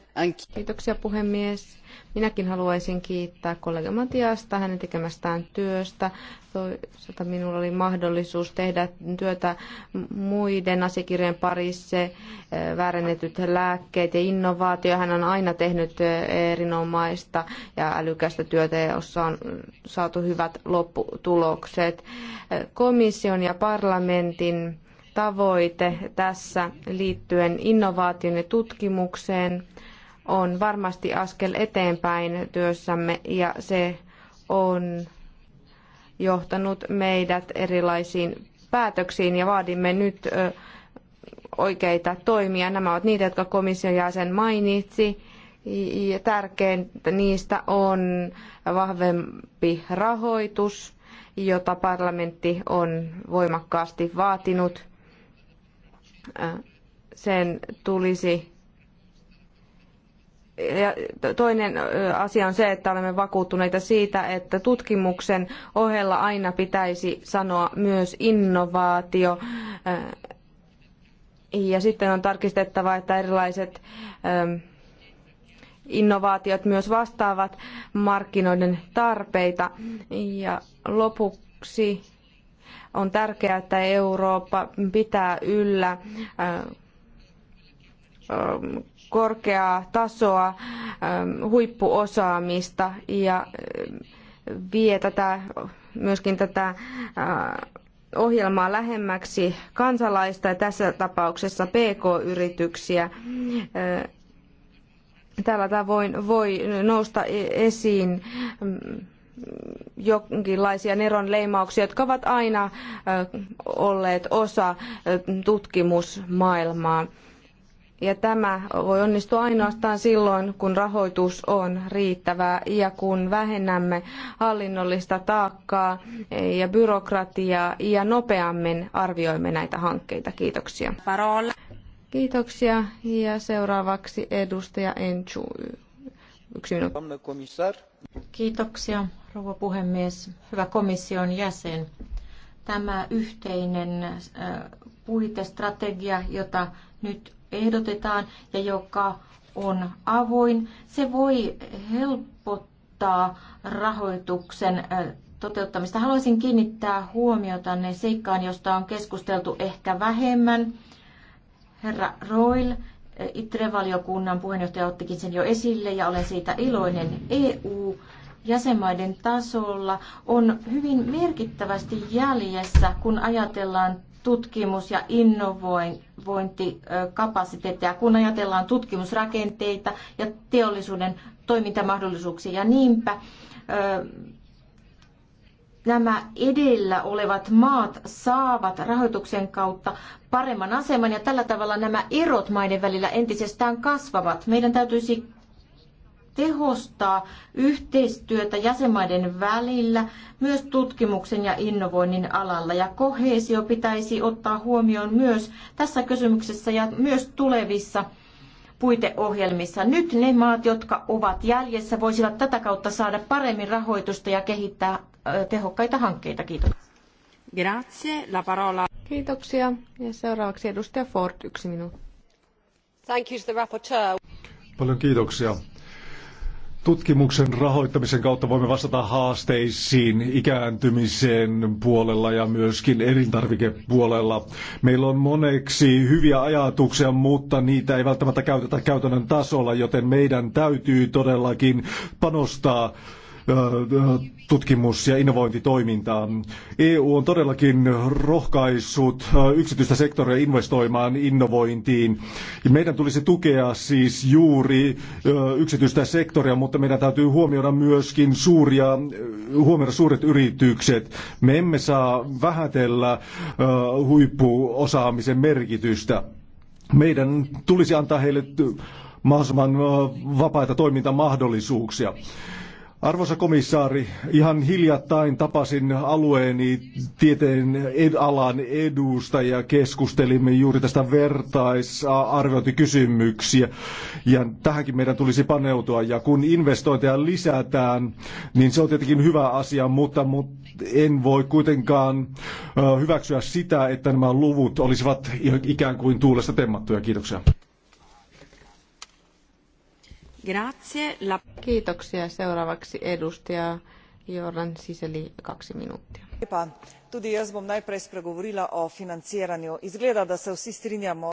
B: Kiitoksia puhemies. Minäkin haluaisin kiittää kollega Matiasta hänen tekemästään työstä. Toisaalta minulla oli mahdollisuus tehdä työtä muiden asiakirjojen parissa, eh, väärennetyt lääkkeet ja innovaatio. Hän on aina tehnyt eh, erinomaista ja älykästä työtä, jossa on saatu hyvät lopputulokset. Eh, komission ja parlamentin tavoite tässä liittyen innovaation ja tutkimukseen – on varmasti askel eteenpäin työssämme ja se on johtanut meidät erilaisiin päätöksiin ja vaadimme nyt oikeita toimia. Nämä ovat niitä, jotka komission jäsen mainitsi. Ja tärkeintä niistä on vahvempi rahoitus, jota parlamentti on voimakkaasti vaatinut. Sen tulisi ja toinen asia on se, että olemme vakuuttuneita siitä, että tutkimuksen ohella aina pitäisi sanoa myös innovaatio. Ja sitten on tarkistettava, että erilaiset innovaatiot myös vastaavat markkinoiden tarpeita. Ja lopuksi on tärkeää, että Eurooppa pitää yllä korkeaa tasoa, ähm, huippuosaamista ja äh, vie tätä, myöskin tätä äh, ohjelmaa lähemmäksi kansalaista ja tässä tapauksessa PK-yrityksiä.
E: Äh,
B: tällä tavoin voi nousta e-, esiin mm, jonkinlaisia neron leimauksia, jotka ovat aina olleet osa tutkimusmaailmaa. Ja tämä voi onnistua ainoastaan silloin, kun rahoitus on riittävää ja kun vähennämme hallinnollista taakkaa ja byrokratiaa ja nopeammin arvioimme näitä hankkeita. Kiitoksia. Parola. Kiitoksia. Ja
D: seuraavaksi edustaja Enchu.
B: Yksi minuutti.
D: Kiitoksia, rouva puhemies. Hyvä komission jäsen. Tämä yhteinen äh, puitestrategia, jota nyt ehdotetaan ja joka on avoin, se voi helpottaa rahoituksen äh, toteuttamista. Haluaisin kiinnittää huomiota ne seikkaan, josta on keskusteltu ehkä vähemmän. Herra Roil, äh, ITRE-valiokunnan puheenjohtaja ottikin sen jo esille ja olen siitä iloinen. EU jäsenmaiden tasolla on hyvin merkittävästi jäljessä, kun ajatellaan tutkimus- ja innovointikapasiteettia, kun ajatellaan tutkimusrakenteita ja teollisuuden toimintamahdollisuuksia ja niinpä nämä edellä olevat maat saavat rahoituksen kautta paremman aseman ja tällä tavalla nämä erot maiden välillä entisestään kasvavat. Meidän täytyisi tehostaa yhteistyötä jäsenmaiden välillä myös tutkimuksen ja innovoinnin alalla. Ja kohesio pitäisi ottaa huomioon myös tässä kysymyksessä ja myös tulevissa puiteohjelmissa. Nyt ne maat, jotka ovat jäljessä, voisivat tätä kautta saada paremmin rahoitusta ja kehittää tehokkaita hankkeita. Kiitos. Grazie. La parola.
B: Kiitoksia. Ja seuraavaksi edustaja Ford, yksi minuutti. Thank
E: you to the rapporteur.
A: Paljon kiitoksia tutkimuksen rahoittamisen kautta voimme vastata haasteisiin ikääntymisen puolella ja myöskin elintarvikepuolella. Meillä on moneksi hyviä ajatuksia, mutta niitä ei välttämättä käytetä käytännön tasolla, joten meidän täytyy todellakin panostaa Äh, tutkimus- ja innovointitoimintaa. EU on todellakin rohkaissut äh, yksityistä sektoria investoimaan innovointiin. Meidän tulisi tukea siis juuri äh, yksityistä sektoria, mutta meidän täytyy huomioida myöskin suuria, huomioida suuret yritykset. Me emme saa vähätellä huippuosaamisen merkitystä. Meidän tulisi antaa heille mahdollisimman vapaita toimintamahdollisuuksia. Arvoisa komissaari, ihan hiljattain tapasin alueeni tieteen ed- alan edustajia, keskustelimme juuri tästä vertaisarviointikysymyksiä ja tähänkin meidän tulisi paneutua. Ja kun investointeja lisätään, niin se on tietenkin hyvä asia, mutta, mutta en voi kuitenkaan hyväksyä sitä, että nämä luvut olisivat ikään kuin tuulesta temmattuja. Kiitoksia.
B: Grazie. La... Kiitoksia. Seuraavaksi
D: edustaja Jordan Siseli, kaksi minuuttia.
E: Lepa. Tudi jaz bom najprej spregovorila o financiranju. Izgleda, da se vsi strinjamo.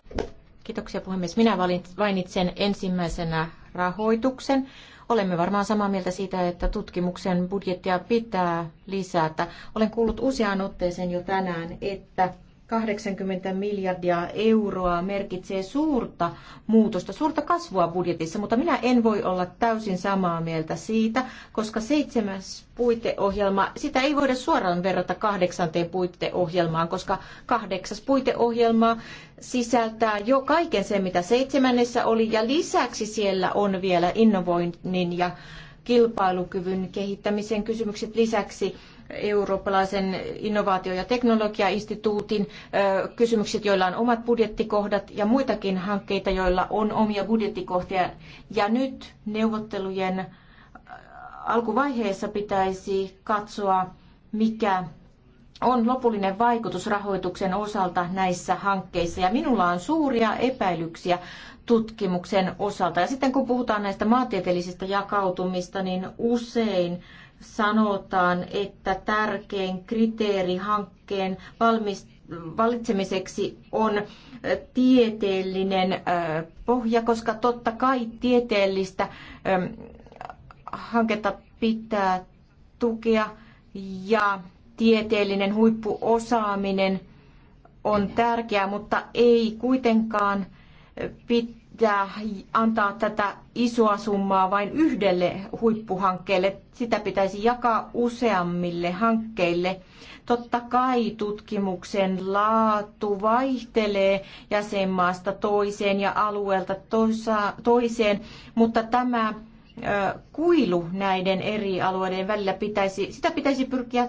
D: Kiitoksia puhemies. Minä mainitsen ensimmäisenä rahoituksen. Olemme varmaan samaa mieltä siitä, että tutkimuksen budjettia pitää lisätä. Olen kuullut useaan otteeseen jo tänään, että 80 miljardia euroa merkitsee suurta muutosta, suurta kasvua budjetissa, mutta minä en voi olla täysin samaa mieltä siitä, koska seitsemäs puiteohjelma, sitä ei voida suoraan verrata kahdeksanteen puiteohjelmaan, koska kahdeksas puiteohjelma sisältää jo kaiken sen, mitä seitsemännessä oli, ja lisäksi siellä on vielä innovoinnin ja kilpailukyvyn kehittämisen kysymykset lisäksi eurooppalaisen innovaatio- ja teknologiainstituutin kysymykset, joilla on omat budjettikohdat ja muitakin hankkeita, joilla on omia budjettikohtia. Ja nyt neuvottelujen alkuvaiheessa pitäisi katsoa, mikä on lopullinen vaikutus rahoituksen osalta näissä hankkeissa. Ja minulla on suuria epäilyksiä tutkimuksen osalta. Ja sitten kun puhutaan näistä maantieteellisistä jakautumista, niin usein sanotaan, että tärkein kriteeri hankkeen valmistelu valitsemiseksi on tieteellinen pohja, koska totta kai tieteellistä hanketta pitää tukea ja tieteellinen huippuosaaminen on tärkeää, mutta ei kuitenkaan pit, että antaa tätä isoa summaa vain yhdelle huippuhankkeelle. Sitä pitäisi jakaa useammille hankkeille. Totta kai tutkimuksen laatu vaihtelee jäsenmaasta toiseen ja alueelta toiseen, mutta tämä kuilu näiden eri alueiden välillä pitäisi, sitä pitäisi pyrkiä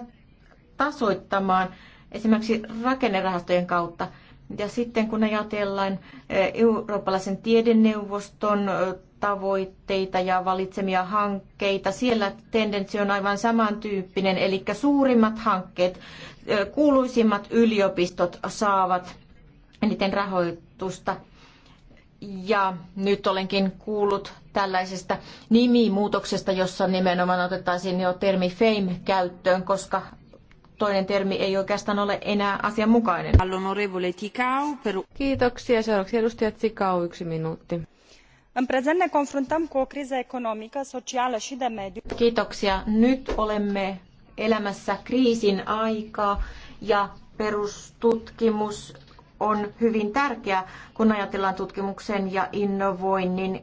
D: tasoittamaan esimerkiksi rakennerahastojen kautta. Ja sitten kun ajatellaan eh, eurooppalaisen tiedeneuvoston eh, tavoitteita ja valitsemia hankkeita, siellä tendenssi on aivan samantyyppinen, eli suurimmat hankkeet, eh, kuuluisimmat yliopistot saavat eniten rahoitusta. Ja nyt olenkin kuullut tällaisesta nimimuutoksesta, jossa nimenomaan otettaisiin jo termi fame käyttöön, koska toinen termi ei oikeastaan ole enää asianmukainen. Kiitoksia. Seuraavaksi edustaja Tsikau, yksi minuutti. Kiitoksia. Nyt olemme elämässä kriisin aikaa ja perustutkimus on hyvin tärkeä, kun ajatellaan tutkimuksen ja innovoinnin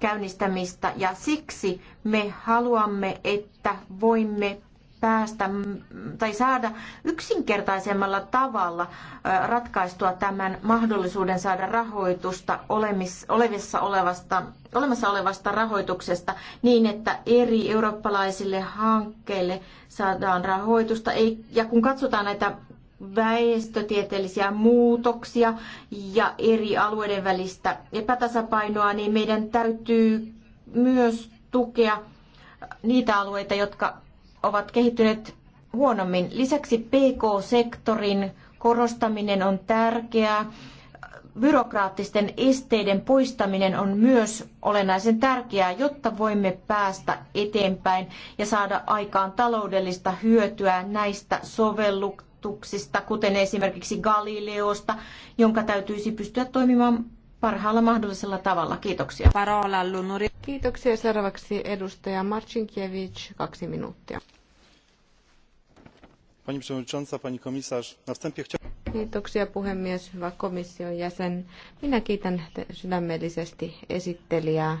D: käynnistämistä. Ja siksi me haluamme, että voimme päästä tai saada yksinkertaisemmalla tavalla ratkaistua tämän mahdollisuuden saada rahoitusta olemassa olevasta, olemassa olevasta rahoituksesta niin, että eri eurooppalaisille hankkeille saadaan rahoitusta. Ei, ja kun katsotaan näitä väestötieteellisiä muutoksia ja eri alueiden välistä epätasapainoa, niin meidän täytyy myös tukea niitä alueita, jotka ovat kehittyneet huonommin. Lisäksi PK-sektorin korostaminen on tärkeää. Byrokraattisten esteiden poistaminen on myös olennaisen tärkeää, jotta voimme päästä eteenpäin ja saada aikaan taloudellista hyötyä näistä sovelluksista, kuten esimerkiksi Galileosta, jonka täytyisi pystyä toimimaan parhaalla mahdollisella tavalla. Kiitoksia. Parola Lunuri. Kiitoksia. Seuraavaksi edustaja Marcinkiewicz,
B: kaksi minuuttia.
D: Pani przewodnicząca, pani komisarz, na
C: chciałbym...
B: Kiitoksia puhemies, hyvä komission jäsen. Minä kiitän sydämellisesti esittelijää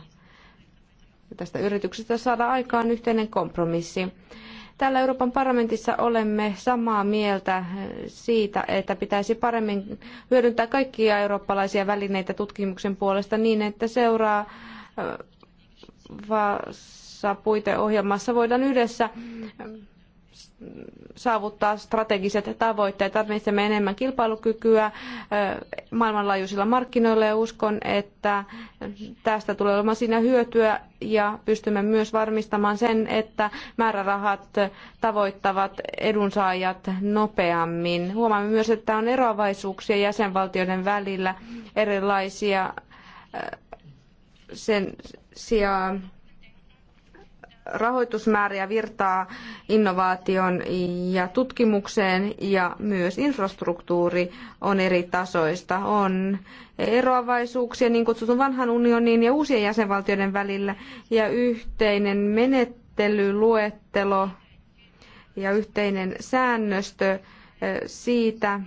B: tästä yrityksestä saada aikaan yhteinen kompromissi täällä Euroopan parlamentissa olemme samaa mieltä siitä, että pitäisi paremmin hyödyntää kaikkia eurooppalaisia välineitä tutkimuksen puolesta niin, että seuraa puiteohjelmassa voidaan yhdessä saavuttaa strategiset tavoitteet. Tarvitsemme enemmän kilpailukykyä maailmanlaajuisilla markkinoilla ja uskon, että tästä tulee olemaan siinä hyötyä ja pystymme myös varmistamaan sen, että määrärahat tavoittavat edunsaajat nopeammin. Huomaamme myös, että on eroavaisuuksia jäsenvaltioiden välillä erilaisia sen sijaan rahoitusmääriä virtaa innovaation ja tutkimukseen ja myös infrastruktuuri on eri tasoista. On eroavaisuuksia niin kutsutun vanhan unionin ja uusien jäsenvaltioiden välillä ja yhteinen menettelyluettelo ja yhteinen säännöstö eh, siitä,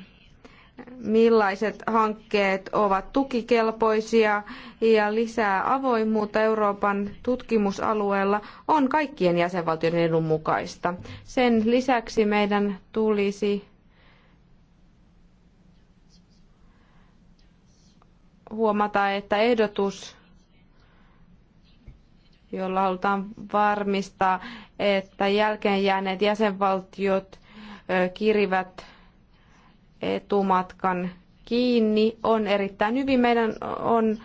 B: millaiset hankkeet ovat tukikelpoisia ja lisää avoimuutta Euroopan tutkimusalueella on kaikkien jäsenvaltioiden edun mukaista. Sen lisäksi meidän tulisi huomata, että ehdotus, jolla halutaan varmistaa, että jälkeen jääneet jäsenvaltiot kirivät etumatkan kiinni on erittäin hyvin. Meidän on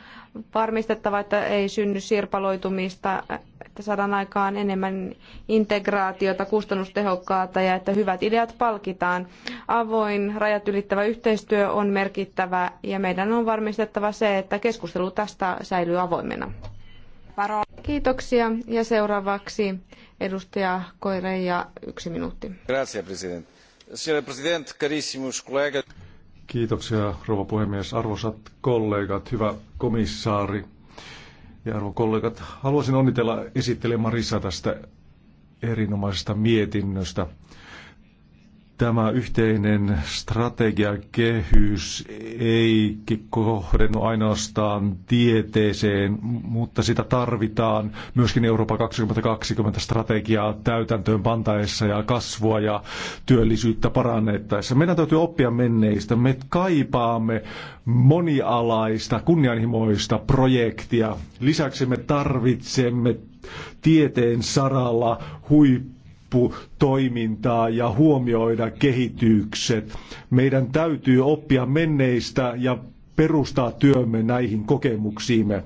B: varmistettava, että ei synny sirpaloitumista, että saadaan aikaan enemmän integraatiota, kustannustehokkaata ja että hyvät ideat palkitaan. Avoin rajat ylittävä yhteistyö on merkittävä ja meidän on varmistettava se, että keskustelu tästä säilyy avoimena. Varo. Kiitoksia ja seuraavaksi edustaja ja yksi minuutti.
A: Grazie, Kiitoksia, rouva puhemies. Arvoisat kollegat, hyvä komissaari ja arvon kollegat. Haluaisin onnitella esittelemään Marissa tästä erinomaisesta mietinnöstä tämä yhteinen strategiakehys ei kohdennu ainoastaan tieteeseen, mutta sitä tarvitaan myöskin Eurooppa 2020 strategiaa täytäntöön pantaessa ja kasvua ja työllisyyttä parannettaessa. Meidän täytyy oppia menneistä. Me kaipaamme monialaista, kunnianhimoista projektia. Lisäksi me tarvitsemme tieteen saralla huippu toimintaa ja huomioida kehitykset. Meidän täytyy oppia menneistä ja perustaa työmme näihin kokemuksiimme.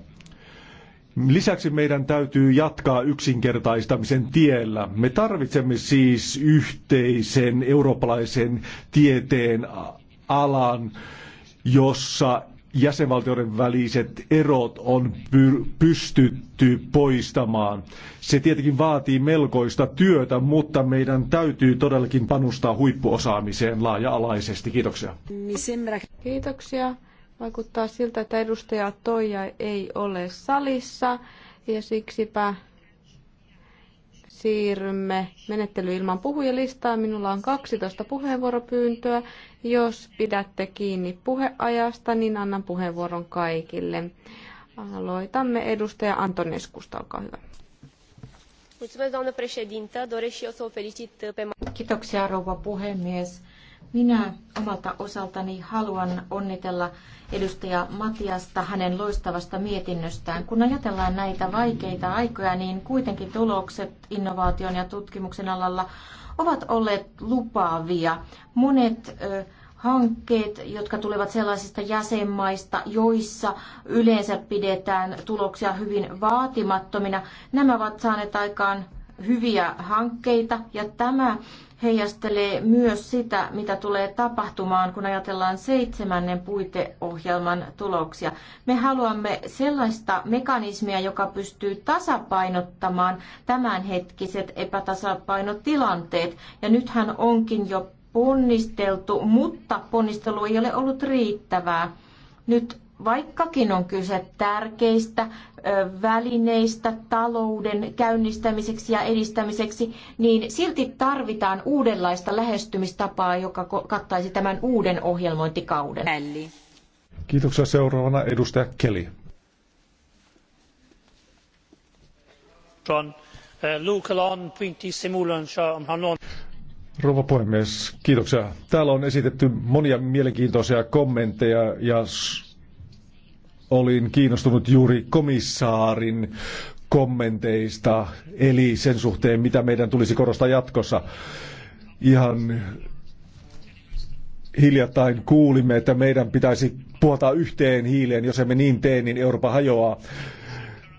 A: Lisäksi meidän täytyy jatkaa yksinkertaistamisen tiellä. Me tarvitsemme siis yhteisen eurooppalaisen tieteen alan, jossa jäsenvaltioiden väliset erot on pystytty poistamaan. Se tietenkin vaatii melkoista työtä, mutta meidän täytyy todellakin panostaa huippuosaamiseen laaja-alaisesti. Kiitoksia.
B: Kiitoksia. Vaikuttaa siltä, että edustaja Toija ei ole salissa ja siksipä siirrymme menettely ilman puhujalistaa. Minulla on 12 puheenvuoropyyntöä. Jos pidätte kiinni puheajasta, niin annan puheenvuoron kaikille. Aloitamme edustaja Antoneskusta, olkaa hyvä.
D: Kiitoksia rouva puhemies. Minä omalta osaltani haluan onnitella edustaja Matiasta hänen loistavasta mietinnöstään. Kun ajatellaan näitä vaikeita aikoja, niin kuitenkin tulokset innovaation ja tutkimuksen alalla ovat olleet lupaavia. Monet ö, hankkeet, jotka tulevat sellaisista jäsenmaista, joissa yleensä pidetään tuloksia hyvin vaatimattomina, nämä ovat saaneet aikaan hyviä hankkeita ja tämä heijastelee myös sitä, mitä tulee tapahtumaan, kun ajatellaan seitsemännen puiteohjelman tuloksia. Me haluamme sellaista mekanismia, joka pystyy tasapainottamaan tämänhetkiset epätasapainotilanteet. Ja nythän onkin jo ponnisteltu, mutta ponnistelu ei ole ollut riittävää. Nyt vaikkakin on kyse tärkeistä välineistä talouden käynnistämiseksi ja edistämiseksi, niin silti tarvitaan uudenlaista lähestymistapaa, joka kattaisi tämän uuden ohjelmointikauden. Elli.
A: Kiitoksia seuraavana edustaja Keli.
C: Eh, um,
A: Rouva puhemies, kiitoksia. Täällä on esitetty monia mielenkiintoisia kommentteja ja olin kiinnostunut juuri komissaarin kommenteista, eli sen suhteen, mitä meidän tulisi korostaa jatkossa. Ihan hiljattain kuulimme, että meidän pitäisi puhaltaa yhteen hiileen. Jos emme niin tee, niin Eurooppa hajoaa.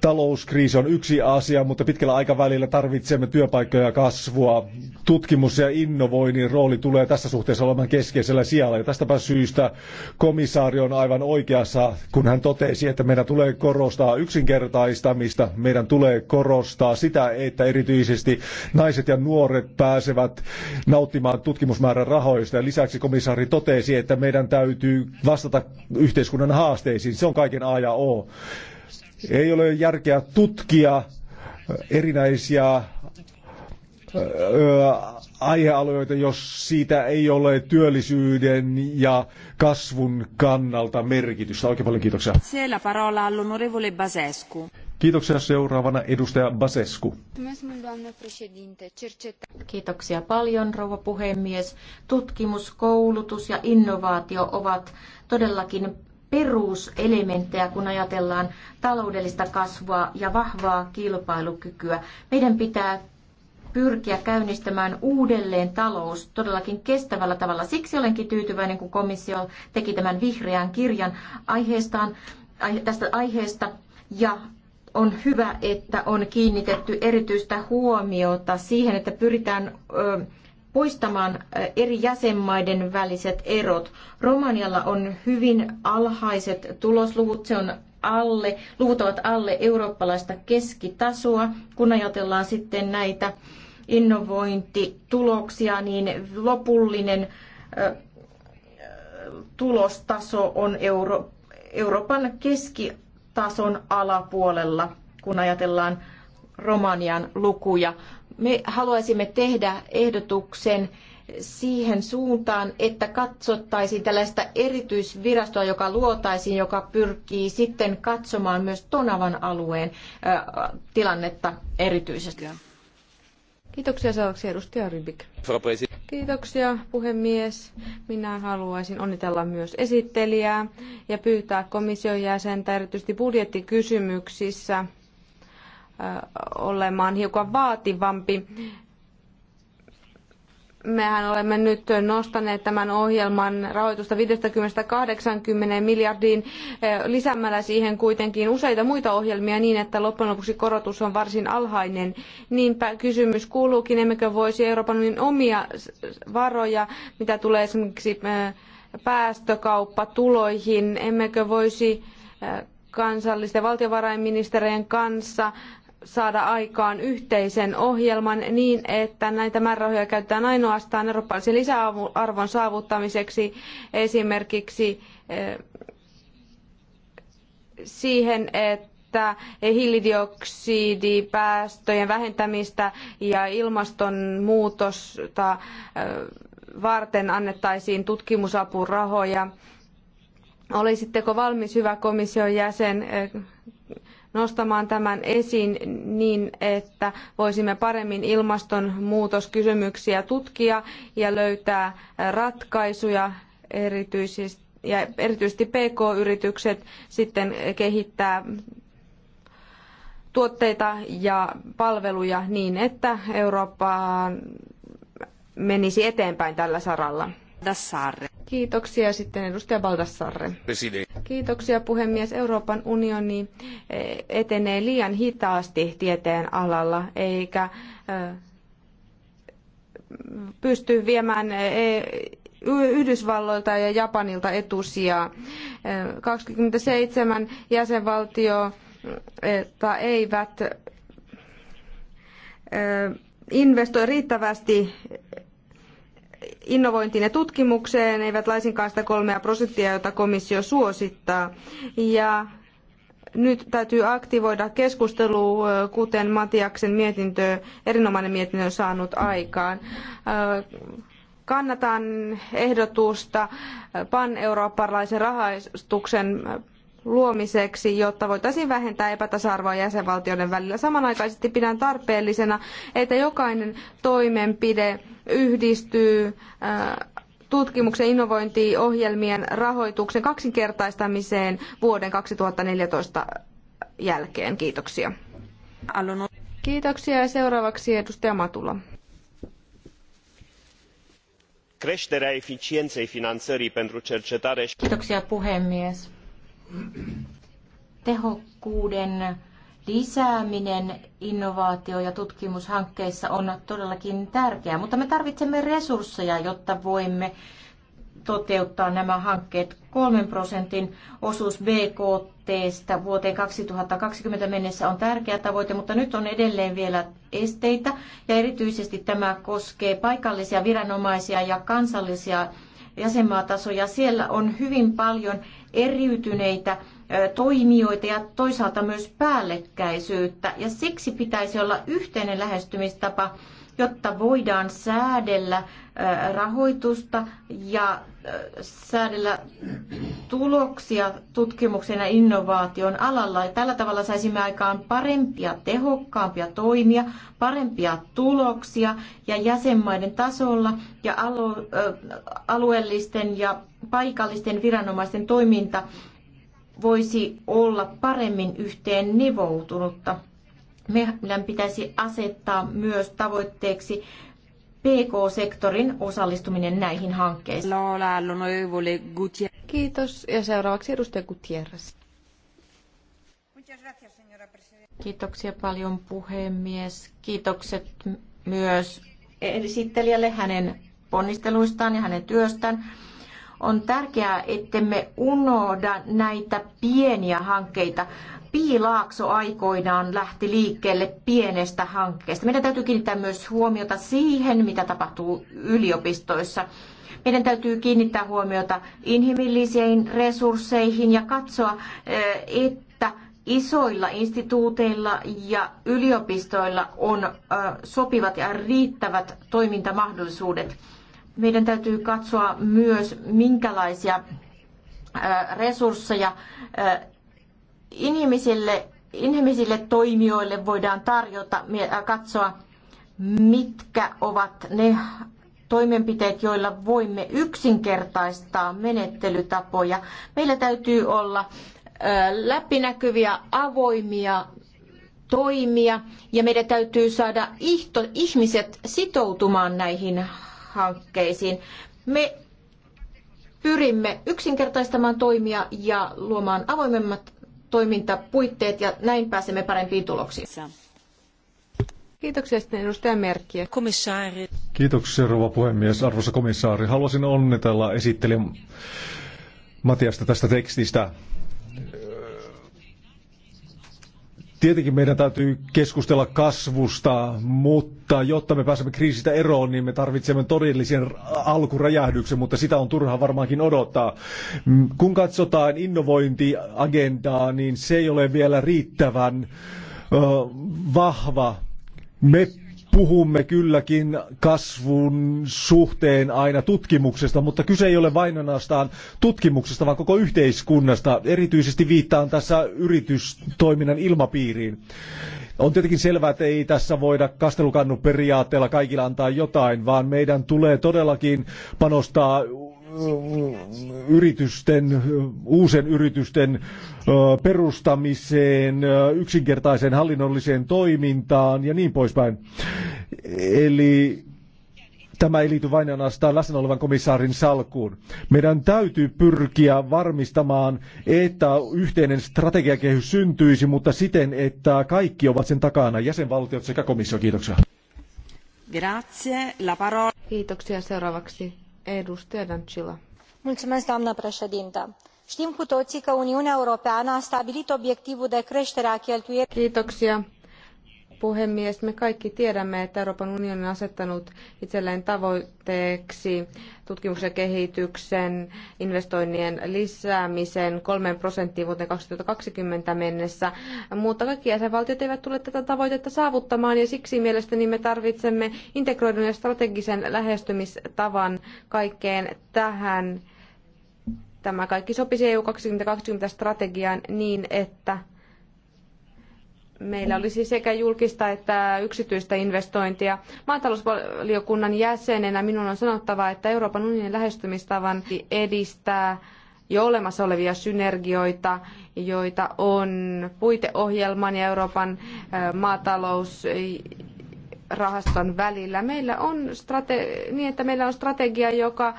A: Talouskriisi on yksi asia, mutta pitkällä aikavälillä tarvitsemme työpaikkoja ja kasvua. Tutkimus ja innovoinnin rooli tulee tässä suhteessa olemaan keskeisellä sijalla. Ja tästäpä syystä komissaari on aivan oikeassa, kun hän totesi, että meidän tulee korostaa yksinkertaistamista. Meidän tulee korostaa sitä, että erityisesti naiset ja nuoret pääsevät nauttimaan tutkimusmäärän rahoista. Ja lisäksi komissaari totesi, että meidän täytyy vastata yhteiskunnan haasteisiin. Se on kaiken A ja O. Ei ole järkeä tutkia erinäisiä aihealueita, jos siitä ei ole työllisyyden ja kasvun kannalta merkitystä. Oikein paljon kiitoksia.
E: Siellä parola Basescu.
A: Kiitoksia seuraavana edustaja Basescu.
D: Kiitoksia paljon, rouva puhemies. Tutkimus, koulutus ja innovaatio ovat todellakin peruselementtejä, kun ajatellaan taloudellista kasvua ja vahvaa kilpailukykyä. Meidän pitää pyrkiä käynnistämään uudelleen talous todellakin kestävällä tavalla. Siksi olenkin tyytyväinen, kun komissio teki tämän vihreän kirjan aiheestaan, tästä aiheesta. Ja on hyvä, että on kiinnitetty erityistä huomiota siihen, että pyritään ö, poistamaan eri jäsenmaiden väliset erot. Romanialla on hyvin alhaiset tulosluvut, se on alle, luvut ovat alle eurooppalaista keskitasoa. Kun ajatellaan sitten näitä innovointituloksia, niin lopullinen tulostaso on Euro- Euroopan keskitason alapuolella, kun ajatellaan Romanian lukuja. Me haluaisimme tehdä ehdotuksen siihen suuntaan, että katsottaisiin tällaista erityisvirastoa, joka luotaisiin, joka pyrkii sitten katsomaan myös Tonavan alueen tilannetta erityisesti.
B: Kiitoksia seuraavaksi edustaja Rybik. Kiitoksia puhemies. Minä haluaisin onnitella myös esittelijää ja pyytää komission jäsentä erityisesti budjettikysymyksissä olemaan hiukan vaativampi. Mehän olemme nyt nostaneet tämän ohjelman rahoitusta 50-80 miljardiin lisäämällä siihen kuitenkin useita muita ohjelmia niin, että loppujen lopuksi korotus on varsin alhainen. Niinpä kysymys kuuluukin, emmekö voisi Euroopan unionin omia varoja, mitä tulee esimerkiksi päästökauppatuloihin, emmekö voisi kansallisten valtiovarainministerien kanssa saada aikaan yhteisen ohjelman niin, että näitä määrärahoja käytetään ainoastaan eurooppalaisen lisäarvon saavuttamiseksi esimerkiksi eh, siihen, että hiilidioksidipäästöjen vähentämistä ja ilmastonmuutosta eh, varten annettaisiin tutkimusapurahoja. Olisitteko valmis, hyvä komission jäsen, eh, nostamaan tämän esiin niin, että voisimme paremmin ilmastonmuutoskysymyksiä tutkia ja löytää ratkaisuja erityisesti ja erityisesti PK-yritykset sitten kehittää tuotteita ja palveluja niin, että Eurooppa menisi eteenpäin tällä saralla. Kiitoksia sitten edustaja Baldassarre. Kiitoksia puhemies. Euroopan unioni eh, etenee liian hitaasti tieteen alalla, eikä eh, pysty viemään eh, Yhdysvalloilta ja Japanilta etusijaa. 27 jäsenvaltiota eivät investoi riittävästi innovointiin ja tutkimukseen, eivät laisinkaan sitä kolmea prosenttia, jota komissio suosittaa. Ja nyt täytyy aktivoida keskustelu, kuten Matiaksen mietintö, erinomainen mietintö on saanut aikaan. Kannatan ehdotusta pan-eurooppalaisen rahastuksen luomiseksi, jotta voitaisiin vähentää epätasa-arvoa jäsenvaltioiden välillä. Samanaikaisesti pidän tarpeellisena, että jokainen toimenpide yhdistyy äh, tutkimuksen innovointiohjelmien rahoituksen kaksinkertaistamiseen vuoden 2014 jälkeen. Kiitoksia. Kiitoksia ja seuraavaksi edustaja Matula.
C: Creșterea eficienței finanțării pentru cercetare. Kiitoksia
D: puhemies tehokkuuden lisääminen innovaatio- ja tutkimushankkeissa on todellakin tärkeää, mutta me tarvitsemme resursseja, jotta voimme toteuttaa nämä hankkeet. 3 prosentin osuus BKT vuoteen 2020 mennessä on tärkeä tavoite, mutta nyt on edelleen vielä esteitä ja erityisesti tämä koskee paikallisia viranomaisia ja kansallisia jäsenmaatasoja. Siellä on hyvin paljon eriytyneitä toimijoita ja toisaalta myös päällekkäisyyttä. Ja siksi pitäisi olla yhteinen lähestymistapa jotta voidaan säädellä rahoitusta ja säädellä tuloksia tutkimuksen ja innovaation alalla. Ja tällä tavalla saisimme aikaan parempia, tehokkaampia toimia, parempia tuloksia ja jäsenmaiden tasolla ja alueellisten ja paikallisten viranomaisten toiminta voisi olla paremmin yhteen nivoutunutta meidän pitäisi asettaa myös tavoitteeksi PK-sektorin osallistuminen näihin hankkeisiin. No, Kiitos. Ja seuraavaksi edustaja Gutierrez. Kiitoksia paljon puhemies. Kiitokset myös esittelijälle hänen ponnisteluistaan ja hänen työstään. On tärkeää, ettemme unohda näitä pieniä hankkeita. Piilaakso aikoinaan lähti liikkeelle pienestä hankkeesta. Meidän täytyy kiinnittää myös huomiota siihen, mitä tapahtuu yliopistoissa. Meidän täytyy kiinnittää huomiota inhimillisiin resursseihin ja katsoa, eh, että isoilla instituuteilla ja yliopistoilla on eh, sopivat ja riittävät toimintamahdollisuudet. Meidän täytyy katsoa myös, minkälaisia eh, resursseja Inhimisille inhimisille toimijoille voidaan tarjota, äh, katsoa, mitkä ovat ne toimenpiteet, joilla voimme yksinkertaistaa menettelytapoja. Meillä täytyy olla äh, läpinäkyviä, avoimia toimia ja meidän täytyy saada ihmiset sitoutumaan näihin hankkeisiin. Me pyrimme yksinkertaistamaan toimia ja luomaan avoimemmat toimintapuitteet ja näin pääsemme parempiin tuloksiin. Kiitoksia sitten edustaja Merkkiä.
E: Komissaari.
A: Kiitoksia rouva puhemies. Arvoisa komissaari, haluaisin onnitella esittelijä Matiasta tästä tekstistä. Tietenkin meidän täytyy keskustella kasvusta, mutta jotta me pääsemme kriisistä eroon, niin me tarvitsemme todellisen alkuräjähdyksen, mutta sitä on turha varmaankin odottaa. Kun katsotaan innovointiagendaa, niin se ei ole vielä riittävän vahva. Me puhumme kylläkin kasvun suhteen aina tutkimuksesta, mutta kyse ei ole vain ainoastaan tutkimuksesta, vaan koko yhteiskunnasta. Erityisesti viittaan tässä yritystoiminnan ilmapiiriin. On tietenkin selvää, että ei tässä voida kastelukannu periaatteella kaikilla antaa jotain, vaan meidän tulee todellakin panostaa yritysten, uusien yritysten perustamiseen, yksinkertaiseen hallinnolliseen toimintaan ja niin poispäin. Eli tämä ei liity vain ainoastaan läsnä olevan komissaarin salkuun. Meidän täytyy pyrkiä varmistamaan, että yhteinen strategiakehys syntyisi, mutta siten, että kaikki ovat sen takana, jäsenvaltiot sekä komissio. Kiitoksia.
B: Grazie. La parola. Kiitoksia. Seuraavaksi
D: doamnă președintă. Știm cu toții că Uniunea Europeană a stabilit obiectivul de creștere
B: a cheltuielilor. Kiitoksia puhemies, me kaikki tiedämme, että Euroopan unioni on asettanut itselleen tavoitteeksi tutkimuksen ja kehityksen investoinnien lisäämisen 3 prosenttiin vuoteen 2020 mennessä, mutta kaikki jäsenvaltiot eivät tule tätä tavoitetta saavuttamaan ja siksi mielestäni me tarvitsemme integroidun ja strategisen lähestymistavan kaikkeen tähän. Tämä kaikki sopisi EU 2020 strategiaan niin, että meillä olisi sekä julkista että yksityistä investointia. Maatalousvaliokunnan jäsenenä minun on sanottava, että Euroopan unionin lähestymistavan edistää jo olemassa olevia synergioita, joita on puiteohjelman ja Euroopan maatalousrahaston välillä. Meillä on strate- niin, että meillä on strategia, joka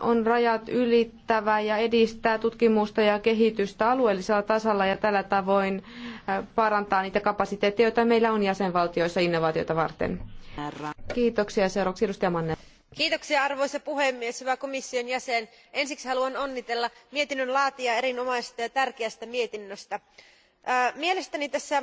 B: on rajat ylittävä ja edistää tutkimusta ja kehitystä alueellisella tasolla ja tällä tavoin äh, parantaa niitä kapasiteetteja, joita meillä on jäsenvaltioissa innovaatioita varten. Kiitoksia. Seuraavaksi edustaja
E: Kiitoksia arvoisa puhemies, hyvä komission jäsen. Ensiksi haluan onnitella mietinnön laatijaa erinomaisesta ja tärkeästä mietinnöstä äh, mielestäni tässä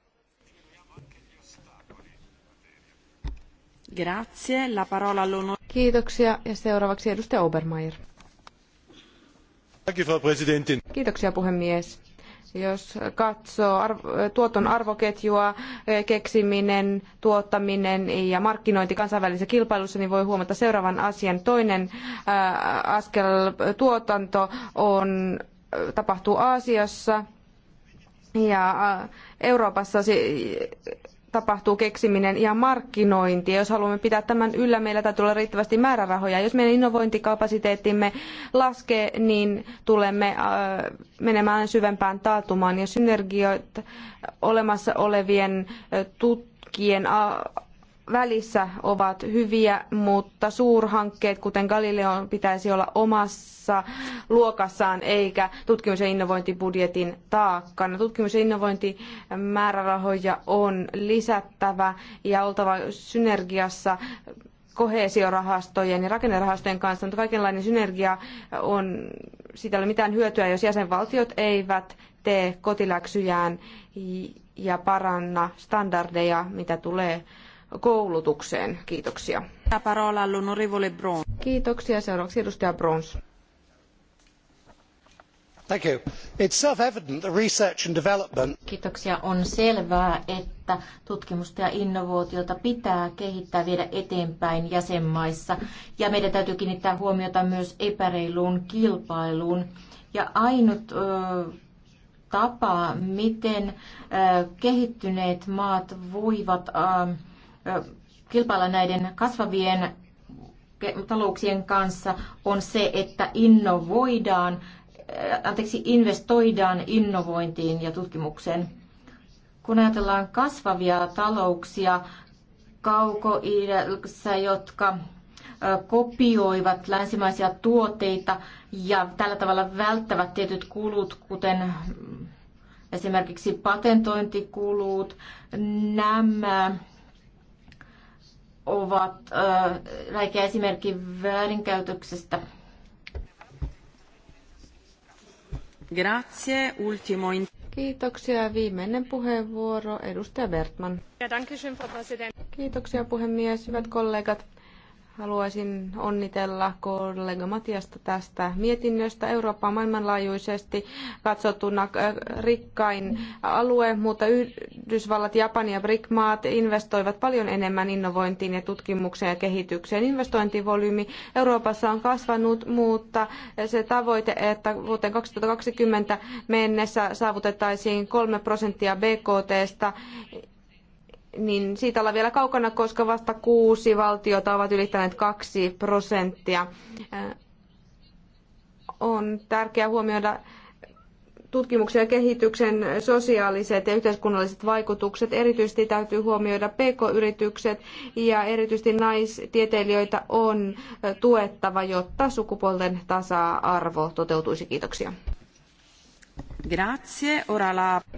E: Grazie. La parola
B: all'onore. Kiitoksia ja seuraavaksi edustaja Obermeier. Kiitoksia puhemies. Jos katsoo tuoton arvoketjua, eh, keksiminen, tuottaminen ja markkinointi kansainvälisessä kilpailussa, niin voi huomata seuraavan asian. Toinen eh, askel tuotanto on, eh, tapahtuu Aasiassa ja Euroopassa tapahtuu keksiminen ja markkinointi. Jos haluamme pitää tämän yllä, meillä täytyy olla riittävästi määrärahoja. Jos meidän innovointikapasiteettimme laskee, niin tulemme äh, menemään syvempään taatumaan ja synergioit olemassa olevien äh, tutkien välissä ovat hyviä, mutta suurhankkeet, kuten Galileon, pitäisi olla omassa luokassaan eikä tutkimus- ja innovointibudjetin taakkana. Tutkimus- ja innovointimäärärahoja on lisättävä ja oltava synergiassa koheesiorahastojen ja rakennerahastojen kanssa, mutta kaikenlainen synergia on, siitä ei ole mitään hyötyä, jos jäsenvaltiot eivät tee kotiläksyjään ja paranna standardeja, mitä tulee koulutukseen. Kiitoksia.
D: Kiitoksia. Seuraavaksi edustaja Brons. Kiitoksia. On selvää, että tutkimusta ja innovaatiota pitää kehittää viedä eteenpäin jäsenmaissa. Ja meidän täytyy kiinnittää huomiota myös epäreiluun kilpailuun. Ja ainut ö, tapa, miten ö, kehittyneet maat voivat ö, kilpailla näiden kasvavien talouksien kanssa on se, että innovoidaan, anteeksi, investoidaan innovointiin ja tutkimukseen. Kun ajatellaan kasvavia talouksia kauko jotka kopioivat länsimaisia tuotteita ja tällä tavalla välttävät tietyt kulut, kuten esimerkiksi patentointikulut, nämä ovat räikeä esimerkki väärinkäytöksestä.
B: Grazie, ultimo. Kiitoksia. Viimeinen puheenvuoro, edustaja Bertman. Ja, Kiitoksia puhemies, hyvät kollegat. Haluaisin onnitella kollega Matiasta tästä mietinnöstä. Eurooppa on maailmanlaajuisesti katsottuna äh, rikkain alue, mutta Yhdysvallat, Japani ja BRIC-maat investoivat paljon enemmän innovointiin ja tutkimukseen ja kehitykseen. Investointivolyymi Euroopassa on kasvanut, mutta se tavoite, että vuoteen 2020 mennessä saavutettaisiin kolme prosenttia BKTstä niin siitä ollaan vielä kaukana, koska vasta kuusi valtiota ovat ylittäneet kaksi prosenttia. Äh, on tärkeää huomioida tutkimuksen ja kehityksen sosiaaliset ja yhteiskunnalliset vaikutukset. Erityisesti täytyy huomioida pk-yritykset ja erityisesti naistieteilijöitä on tuettava, jotta sukupuolten tasa-arvo toteutuisi. Kiitoksia. Grazie,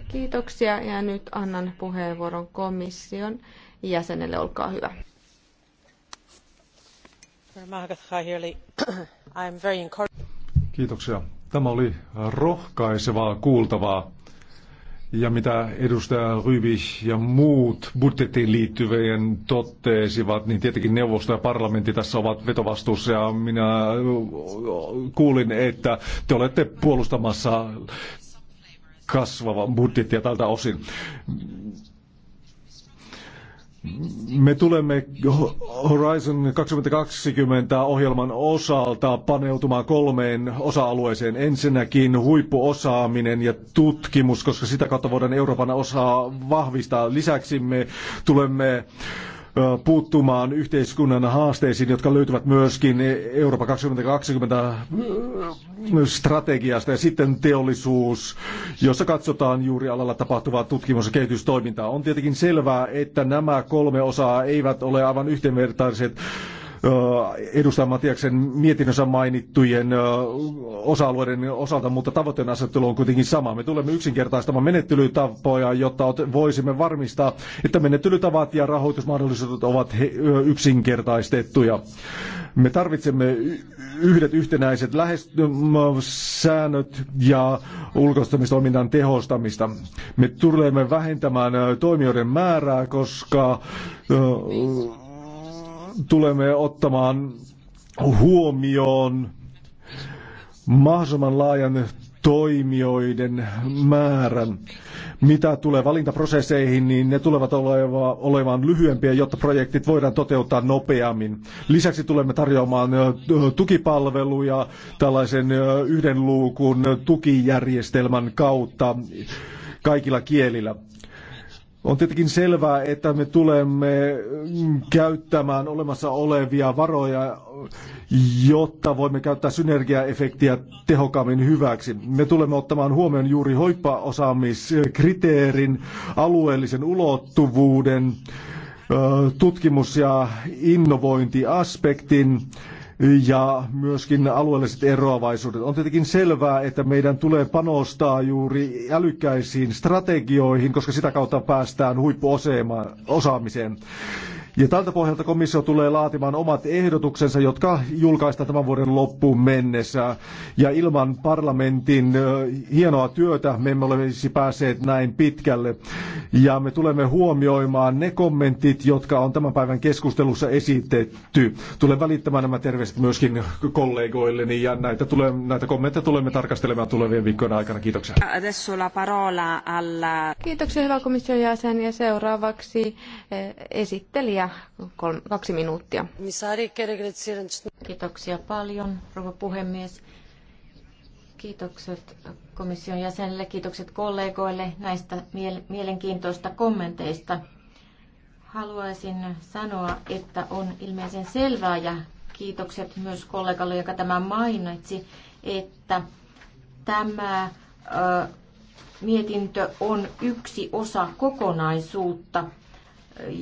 B: Kiitoksia ja nyt annan puheenvuoron komission jäsenelle, olkaa hyvä.
A: Kiitoksia. Tämä oli rohkaisevaa kuultavaa. Ja mitä edustaja Ryvi ja muut budjettiin liittyvien totteesivat, niin tietenkin neuvosto ja parlamentti tässä ovat vetovastuussa. Ja minä kuulin, että te olette puolustamassa kasvava budjetti tältä osin. Me tulemme Horizon 2020 ohjelman osalta paneutumaan kolmeen osa-alueeseen. Ensinnäkin huippuosaaminen ja tutkimus, koska sitä kautta voidaan Euroopan osaa vahvistaa. Lisäksi me tulemme puuttumaan yhteiskunnan haasteisiin, jotka löytyvät myöskin Eurooppa 2020 strategiasta ja sitten teollisuus, jossa katsotaan juuri alalla tapahtuvaa tutkimus- ja kehitystoimintaa. On tietenkin selvää, että nämä kolme osaa eivät ole aivan yhdenvertaiset edustaja Matiaksen mietinnössä mainittujen osa-alueiden osalta, mutta tavoitteen asettelu on kuitenkin sama. Me tulemme yksinkertaistamaan menettelytapoja, jotta voisimme varmistaa, että menettelytavat ja rahoitusmahdollisuudet ovat yksinkertaistettuja. Me tarvitsemme yhdet yhtenäiset lähestymissäännöt ja ulkoistamistoiminnan tehostamista. Me tulemme vähentämään toimijoiden määrää, koska tulemme ottamaan huomioon mahdollisimman laajan toimijoiden määrän. Mitä tulee valintaprosesseihin, niin ne tulevat oleva, olemaan lyhyempiä, jotta projektit voidaan toteuttaa nopeammin. Lisäksi tulemme tarjoamaan tukipalveluja tällaisen yhden luukun tukijärjestelmän kautta kaikilla kielillä. On tietenkin selvää, että me tulemme mm, käyttämään olemassa olevia varoja, jotta voimme käyttää synergiaefektiä tehokkaammin hyväksi. Me tulemme ottamaan huomioon juuri hoippaosaamiskriteerin, alueellisen ulottuvuuden, tutkimus- ja innovointiaspektin, ja myöskin alueelliset eroavaisuudet. On tietenkin selvää, että meidän tulee panostaa juuri älykkäisiin strategioihin, koska sitä kautta päästään huippuosaamiseen. Ja tältä pohjalta komissio tulee laatimaan omat ehdotuksensa, jotka julkaistaan tämän vuoden loppuun mennessä. Ja ilman parlamentin hienoa työtä me emme olisi päässeet näin pitkälle. Ja me tulemme huomioimaan ne kommentit, jotka on tämän päivän keskustelussa esitetty. Tulen välittämään nämä terveiset myöskin kollegoilleni ja näitä, tule, näitä kommentteja tulemme tarkastelemaan tulevien viikkojen aikana. Kiitoksia.
B: Kiitoksia hyvä komission jäsen ja seuraavaksi eh, esittelijä Veržia, kolme, kaksi minuuttia.
D: Kiitoksia paljon, rouva puhemies. Kiitokset komission jäsenille, kiitokset kollegoille näistä mielenkiintoista kommenteista. Haluaisin sanoa, että on ilmeisen selvää ja kiitokset myös kollegalle, joka tämä mainitsi, että tämä mietintö on yksi osa kokonaisuutta,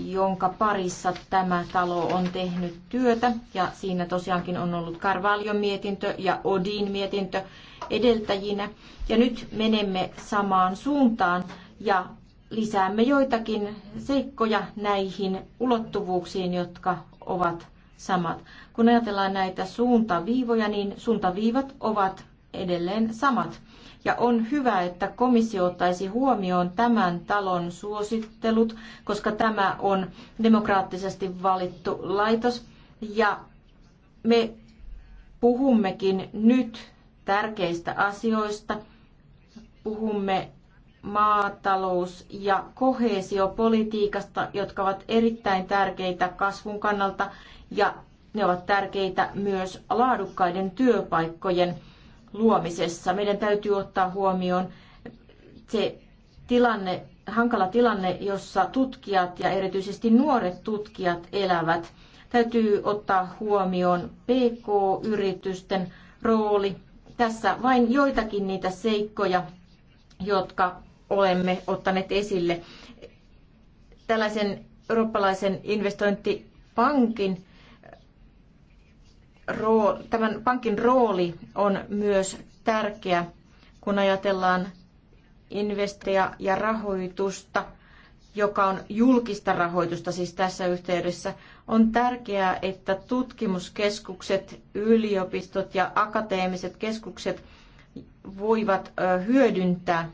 D: jonka parissa tämä talo on tehnyt työtä. Ja siinä tosiaankin on ollut Karvalion mietintö ja Odin mietintö edeltäjinä. Ja nyt menemme samaan suuntaan ja lisäämme joitakin seikkoja näihin ulottuvuuksiin, jotka ovat samat. Kun ajatellaan näitä suuntaviivoja, niin suuntaviivat ovat edelleen samat ja on hyvä, että komissio ottaisi huomioon tämän talon suosittelut, koska tämä on demokraattisesti valittu laitos ja me puhummekin nyt tärkeistä asioista. Puhumme maatalous- ja koheesiopolitiikasta, jotka ovat erittäin tärkeitä kasvun kannalta ja ne ovat tärkeitä myös laadukkaiden työpaikkojen luomisessa. Meidän täytyy ottaa huomioon se tilanne, hankala tilanne, jossa tutkijat ja erityisesti nuoret tutkijat elävät. Täytyy ottaa huomioon PK-yritysten rooli. Tässä vain joitakin niitä seikkoja, jotka olemme ottaneet esille. Tällaisen eurooppalaisen investointipankin tämän pankin rooli on myös tärkeä, kun ajatellaan investeja ja rahoitusta, joka on julkista rahoitusta siis tässä yhteydessä. On tärkeää, että tutkimuskeskukset, yliopistot ja akateemiset keskukset voivat hyödyntää,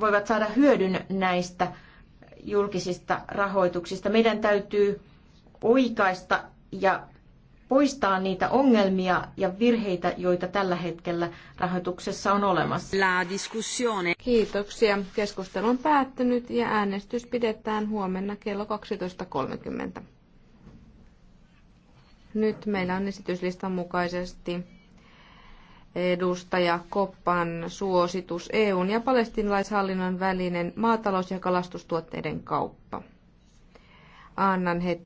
D: voivat saada hyödyn näistä julkisista rahoituksista. Meidän täytyy oikaista ja poistaa niitä ongelmia ja virheitä, joita tällä hetkellä rahoituksessa on olemassa. La discussione. Kiitoksia. Keskustelu on päättynyt ja äänestys
B: pidetään huomenna kello 12.30. Nyt meillä on esityslistan mukaisesti edustaja Koppan suositus EUn ja palestinalaishallinnon välinen maatalous- ja kalastustuotteiden kauppa. Annan heti